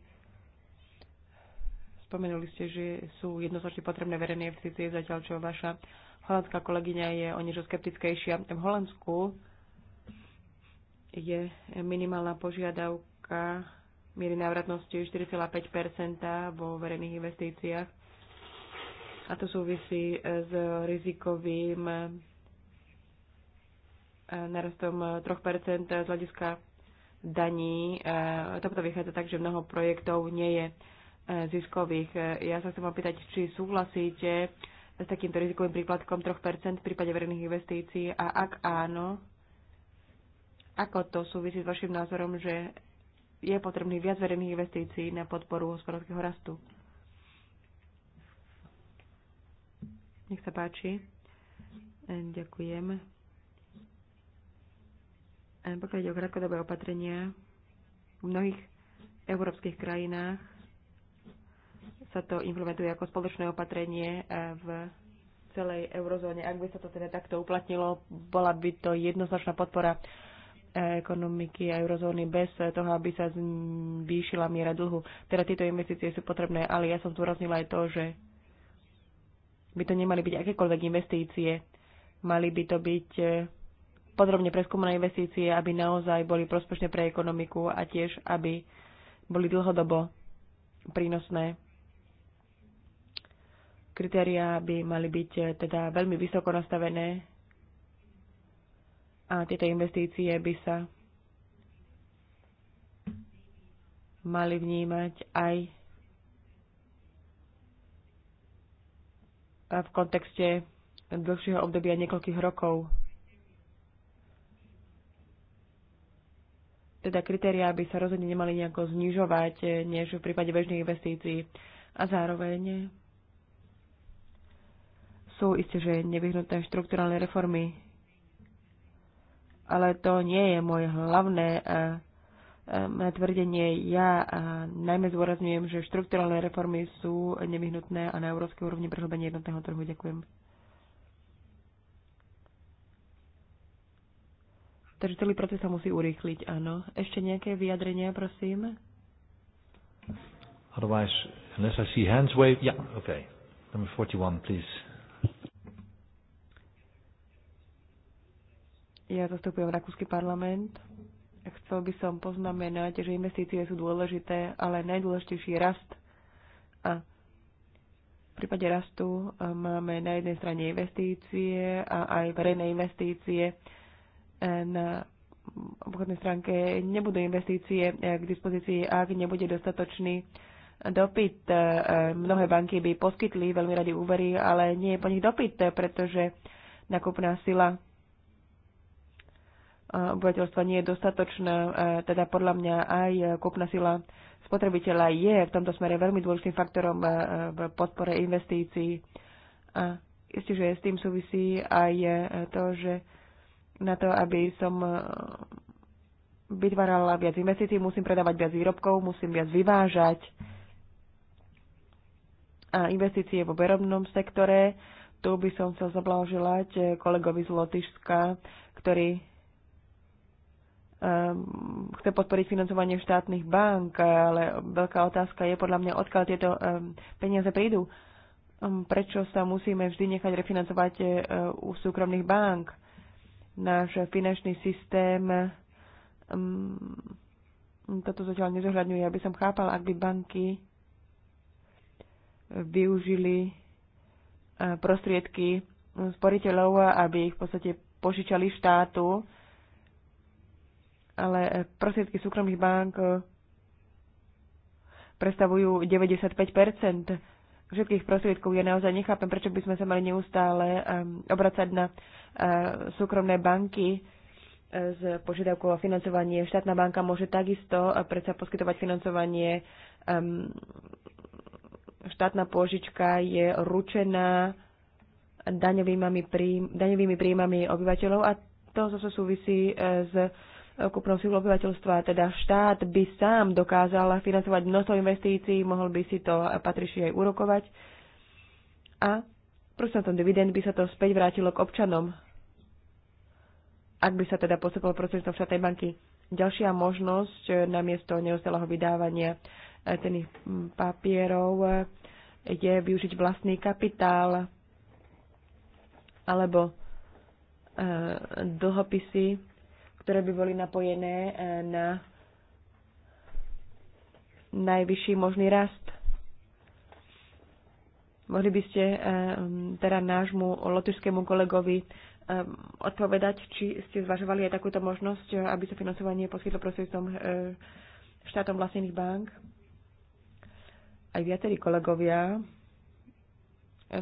Spomenuli ste, že sú jednoznačne potrebné verejné investície, zatiaľ čo vaša holandská kolegyňa je o niečo skeptickejšia. V Holandsku je minimálna požiadavka miery návratnosti 4,5 vo verejných investíciách. A to súvisí e, s rizikovým e, narastom 3 e, z hľadiska daní. To potom vychádza tak, že mnoho projektov nie je ziskových. Ja sa chcem opýtať, či súhlasíte s takýmto rizikovým príkladkom 3% v prípade verejných investícií a ak áno, ako to súvisí s vašim názorom, že je potrebný viac verejných investícií na podporu hospodárskeho rastu. Nech sa páči. Ďakujem. Pokiaľ ide o krátkodobé opatrenia, v mnohých európskych krajinách sa to implementuje ako spoločné opatrenie v celej eurozóne. Ak by sa to teda takto uplatnilo, bola by to jednoznačná podpora ekonomiky a eurozóny bez toho, aby sa zvýšila miera dlhu. Teda tieto investície sú potrebné, ale ja som zdôraznila aj to, že by to nemali byť akékoľvek investície. Mali by to byť e, podrobne preskúmané investície, aby naozaj boli prospešné pre ekonomiku a tiež, aby boli dlhodobo prínosné. Kritériá by mali byť e, teda veľmi vysoko nastavené a tieto investície by sa mali vnímať aj v kontekste dlhšieho obdobia niekoľkých rokov. Teda kritériá by sa rozhodne nemali nejako znižovať, než v prípade bežných investícií. A zároveň sú isté, že nevyhnuté štrukturálne reformy ale to nie je moje hlavné eh, eh, tvrdenie. Ja eh, najmä zdôrazňujem, že štrukturálne reformy sú nevyhnutné a na európskej úrovni prehlbenie jednotného trhu. Ďakujem. Takže celý proces sa musí urýchliť, áno. Ešte nejaké vyjadrenia, prosím? Otherwise, unless I see hands wave, yeah, okay. Number 41, please. Ja zastupujem Rakúsky parlament. Chcel by som poznamenať, že investície sú dôležité, ale najdôležitejší je rast. A v prípade rastu e, máme na jednej strane investície a aj verejné investície. E, na obchodnej stránke nebudú investície e, k dispozícii, ak nebude dostatočný dopyt. Mnohé banky by poskytli veľmi rady úvery, ale nie je po nich dopyt, pretože nakupná sila obyvateľstva nie je dostatočná. E, teda podľa mňa aj kúpna sila spotrebiteľa je v tomto smere veľmi dôležitým faktorom e, v podpore investícií. A isté, že s tým súvisí aj e, to, že na to, aby som vytvárala viac investícií, musím predávať viac výrobkov, musím viac vyvážať. A investície vo verobnom sektore, tu by som chcel zablahoželať kolegovi z Lotyšska, ktorý Ehm, chce podporiť financovanie štátnych bank, ale veľká otázka je podľa mňa, odkiaľ tieto ehm, peniaze prídu. Ehm, prečo sa musíme vždy nechať refinancovať e, u súkromných bank? Náš finančný systém toto zatiaľ nezohľadňuje. Ja by som chápal, ak by banky využili e, prostriedky sporiteľov, aby ich v podstate požičali štátu, ale eh, prostriedky súkromných bank eh, predstavujú 95 všetkých prostriedkov. Ja naozaj nechápem, prečo by sme sa mali neustále ehm, obracať na eh, súkromné banky s požiadavkou o financovanie. Štátna banka môže takisto predsa poskytovať financovanie. Ehm, štátna pôžička je ručená daňovými, daňovými príjmami obyvateľov a to zase súvisí s kúpnou silu obyvateľstva, teda štát by sám dokázal financovať množstvo investícií, mohol by si to patrične aj urokovať a prostredníctvom dividend by sa to späť vrátilo k občanom, ak by sa teda postupovalo prostredníctvom štátnej banky. Ďalšia možnosť eh, namiesto neustáleho vydávania eh, cených hm, papierov eh, je využiť vlastný kapitál alebo dlhopisy ktoré by boli napojené e, na najvyšší možný rast. Mohli by ste e, teda nášmu lotyšskému kolegovi e, odpovedať, či ste zvažovali aj takúto možnosť, aby sa financovanie poskytlo prostredstvom štátom vlastnených bank. Aj viacerí kolegovia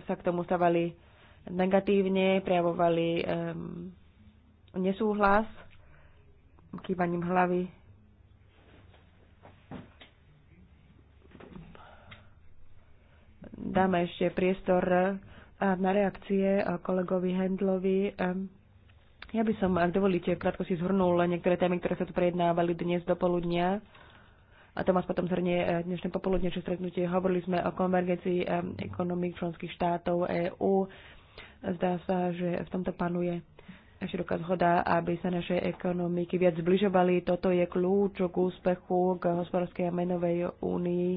sa k tomu stavali negatívne, prejavovali nesúhlas kývaním hlavy. Dáme ešte priestor na reakcie kolegovi Hendlovi. Ja by som, ak dovolíte, krátko si zhrnul niektoré témy, ktoré sa tu prejednávali dnes do poludnia. A Tomás potom zhrnie e, dnešné popoludnejšie stretnutie. Hovorili sme o konvergencii ekonomik členských štátov EÚ. Zdá sa, že v tomto panuje široká zhoda, aby sa naše ekonomiky viac zbližovali. Toto je kľúč k úspechu, k hospodárskej a menovej únii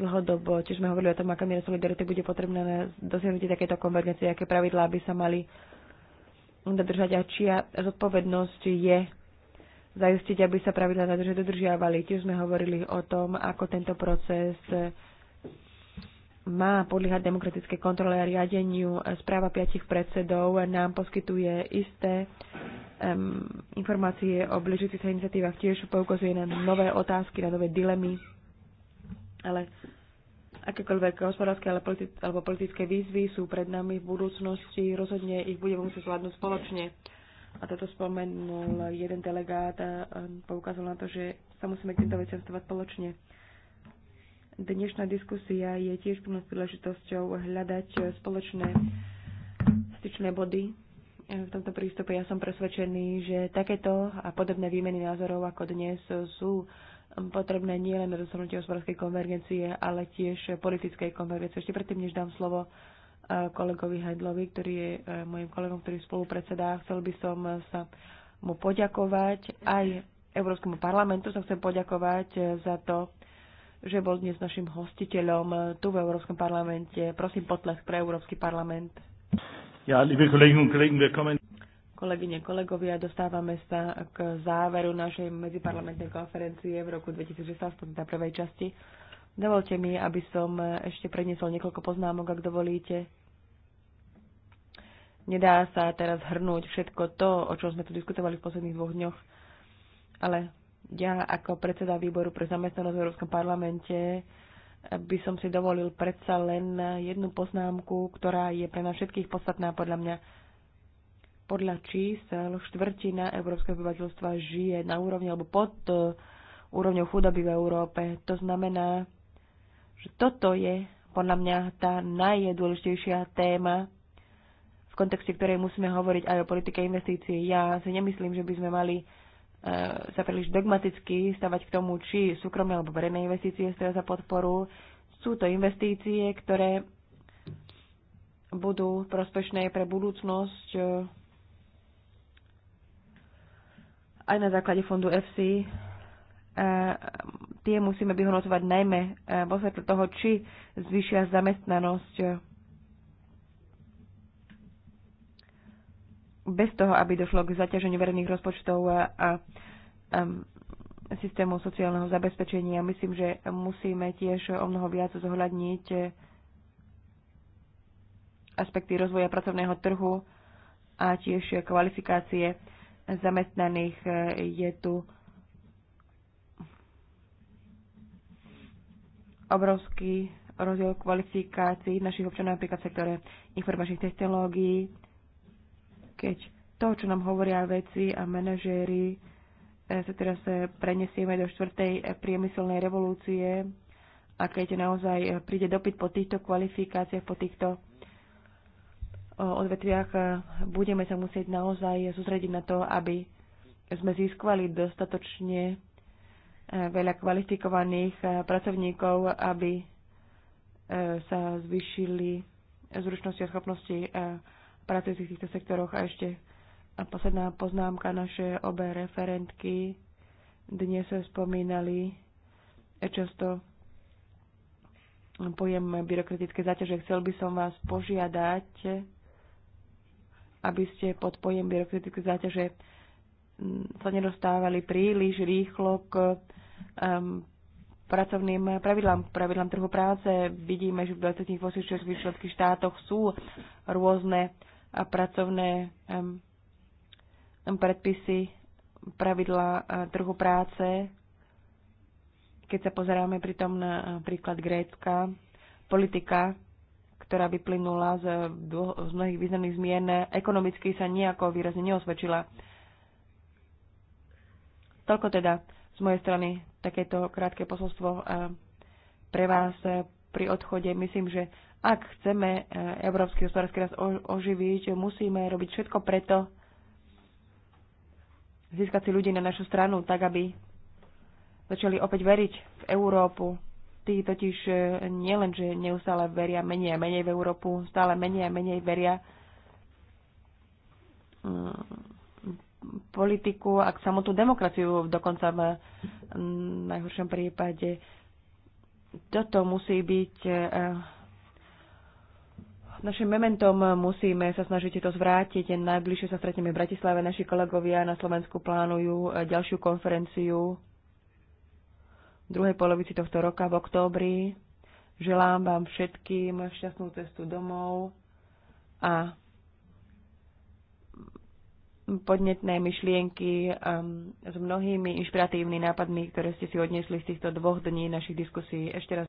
dlhodobo. Čiže sme hovorili o tom, aká miera solidarity bude potrebná na dosiahnutie takéto konvergencie, aké pravidlá by sa mali dodržať a čia zodpovednosť je zaistiť, aby sa pravidlá dodržiavali. Tiež sme hovorili o tom, ako tento proces má podliehať demokratické kontrole a riadeniu. Správa piatich predsedov nám poskytuje isté um, informácie o blížiacich sa iniciatívach, tiež poukazuje na nové otázky, na nové dilemy, ale akékoľvek hospodárske ale politi- alebo politické výzvy sú pred nami v budúcnosti, rozhodne ich budeme musieť zvládnuť spoločne. A toto spomenul jeden delegát a poukázal na to, že sa musíme k týmto veciam stavať spoločne Dnešná diskusia je tiež plnou príležitosťou hľadať spoločné styčné body v tomto prístupe. Ja som presvedčený, že takéto a podobné výmeny názorov ako dnes sú potrebné nielen na dosiahnutie hospodárskej konvergencie, ale tiež politickej konvergencie. Ešte predtým, než dám slovo e, kolegovi Heidlovi, ktorý je e, môjim kolegom, ktorý spolupredsedá, chcel by som sa mu poďakovať aj Európskemu parlamentu sa chcem poďakovať e, za to, že bol dnes našim hostiteľom eh, tu v Európskom parlamente. Prosím potlesk pre Európsky parlament. Ja, liebe Kolegyne, und Kollegen, wir kommen Kolegyne, kolegovia, dostávame sa k záveru našej medziparlamentnej konferencie v roku 2016, teda prvej časti. Dovolte mi, aby som eh, ešte predniesol niekoľko poznámok, ak dovolíte. Nedá sa teraz hrnúť všetko to, o čom sme tu diskutovali v posledných dvoch dňoch, ale ja ako predseda výboru pre zamestnanosť v Európskom parlamente by som si dovolil predsa len jednu poznámku, ktorá je pre nás všetkých podstatná podľa mňa. Podľa čísel štvrtina európskeho obyvateľstva žije na úrovni alebo pod e, úrovňou chudoby v Európe. To znamená, že toto je podľa mňa tá najdôležitejšia téma, v kontexte ktorej musíme hovoriť aj o politike investícií. Ja si nemyslím, že by sme mali E, sa príliš dogmaticky stavať k tomu, či súkromné alebo verejné investície stoja za podporu. Sú to investície, ktoré budú prospešné pre budúcnosť e, aj na základe fondu FC. E, tie musíme vyhodnotovať najmä vo svetle toho, či zvyšia zamestnanosť bez toho, aby došlo k zaťaženiu verejných rozpočtov a, a, a systému sociálneho zabezpečenia. Myslím, že musíme tiež o mnoho viac zohľadniť aspekty rozvoja pracovného trhu a tiež kvalifikácie zamestnaných. Je tu obrovský rozdiel kvalifikácií našich občanov napríklad v sektore informačných technológií, keď to, čo nám hovoria veci a manažéri, e, sa teraz e, prenesieme do štvrtej e, priemyselnej revolúcie a keď naozaj príde dopyt po týchto kvalifikáciách, po týchto odvetviach, budeme sa musieť naozaj sústrediť na to, aby sme získali dostatočne veľa kvalifikovaných pracovníkov, aby sa zvýšili zručnosti a schopnosti pracujúcich v týchto sektoroch. A ešte posledná poznámka, naše obe referentky dnes sa spomínali eh, často pojem byrokratické záťaže. Chcel by som vás požiadať, aby ste pod pojem byrokratické záťaže mm, sa nedostávali príliš rýchlo k um, pracovným pravidlám, pravidlám trhu práce. Vidíme, že v 28 výsledky štátoch sú rôzne a pracovné predpisy, pravidla trhu práce. Keď sa pozeráme pritom na príklad Grécka, politika, ktorá vyplynula z, z mnohých významných zmien, ekonomicky sa nejako výrazne neosvedčila. Toľko teda z mojej strany takéto krátke posolstvo pre vás pri odchode. Myslím, že ak chceme e, európsky hospodársky rast oživiť, musíme robiť všetko preto, získať si ľudí na našu stranu, tak aby začali opäť veriť v Európu. Tí totiž e, nielen, že neustále veria menej a menej v Európu, stále menej a menej veria mm, politiku a k samotnú demokraciu dokonca v mm, najhoršom prípade. Toto musí byť e, našim mementom musíme sa snažiť to zvrátiť. Najbližšie sa stretneme v Bratislave. Naši kolegovia na Slovensku plánujú e, ďalšiu konferenciu v druhej polovici tohto roka v októbri. Želám vám všetkým šťastnú cestu domov a podnetné myšlienky um, s mnohými inšpiratívnymi nápadmi, ktoré ste si odniesli z týchto dvoch dní našich diskusí. Ešte raz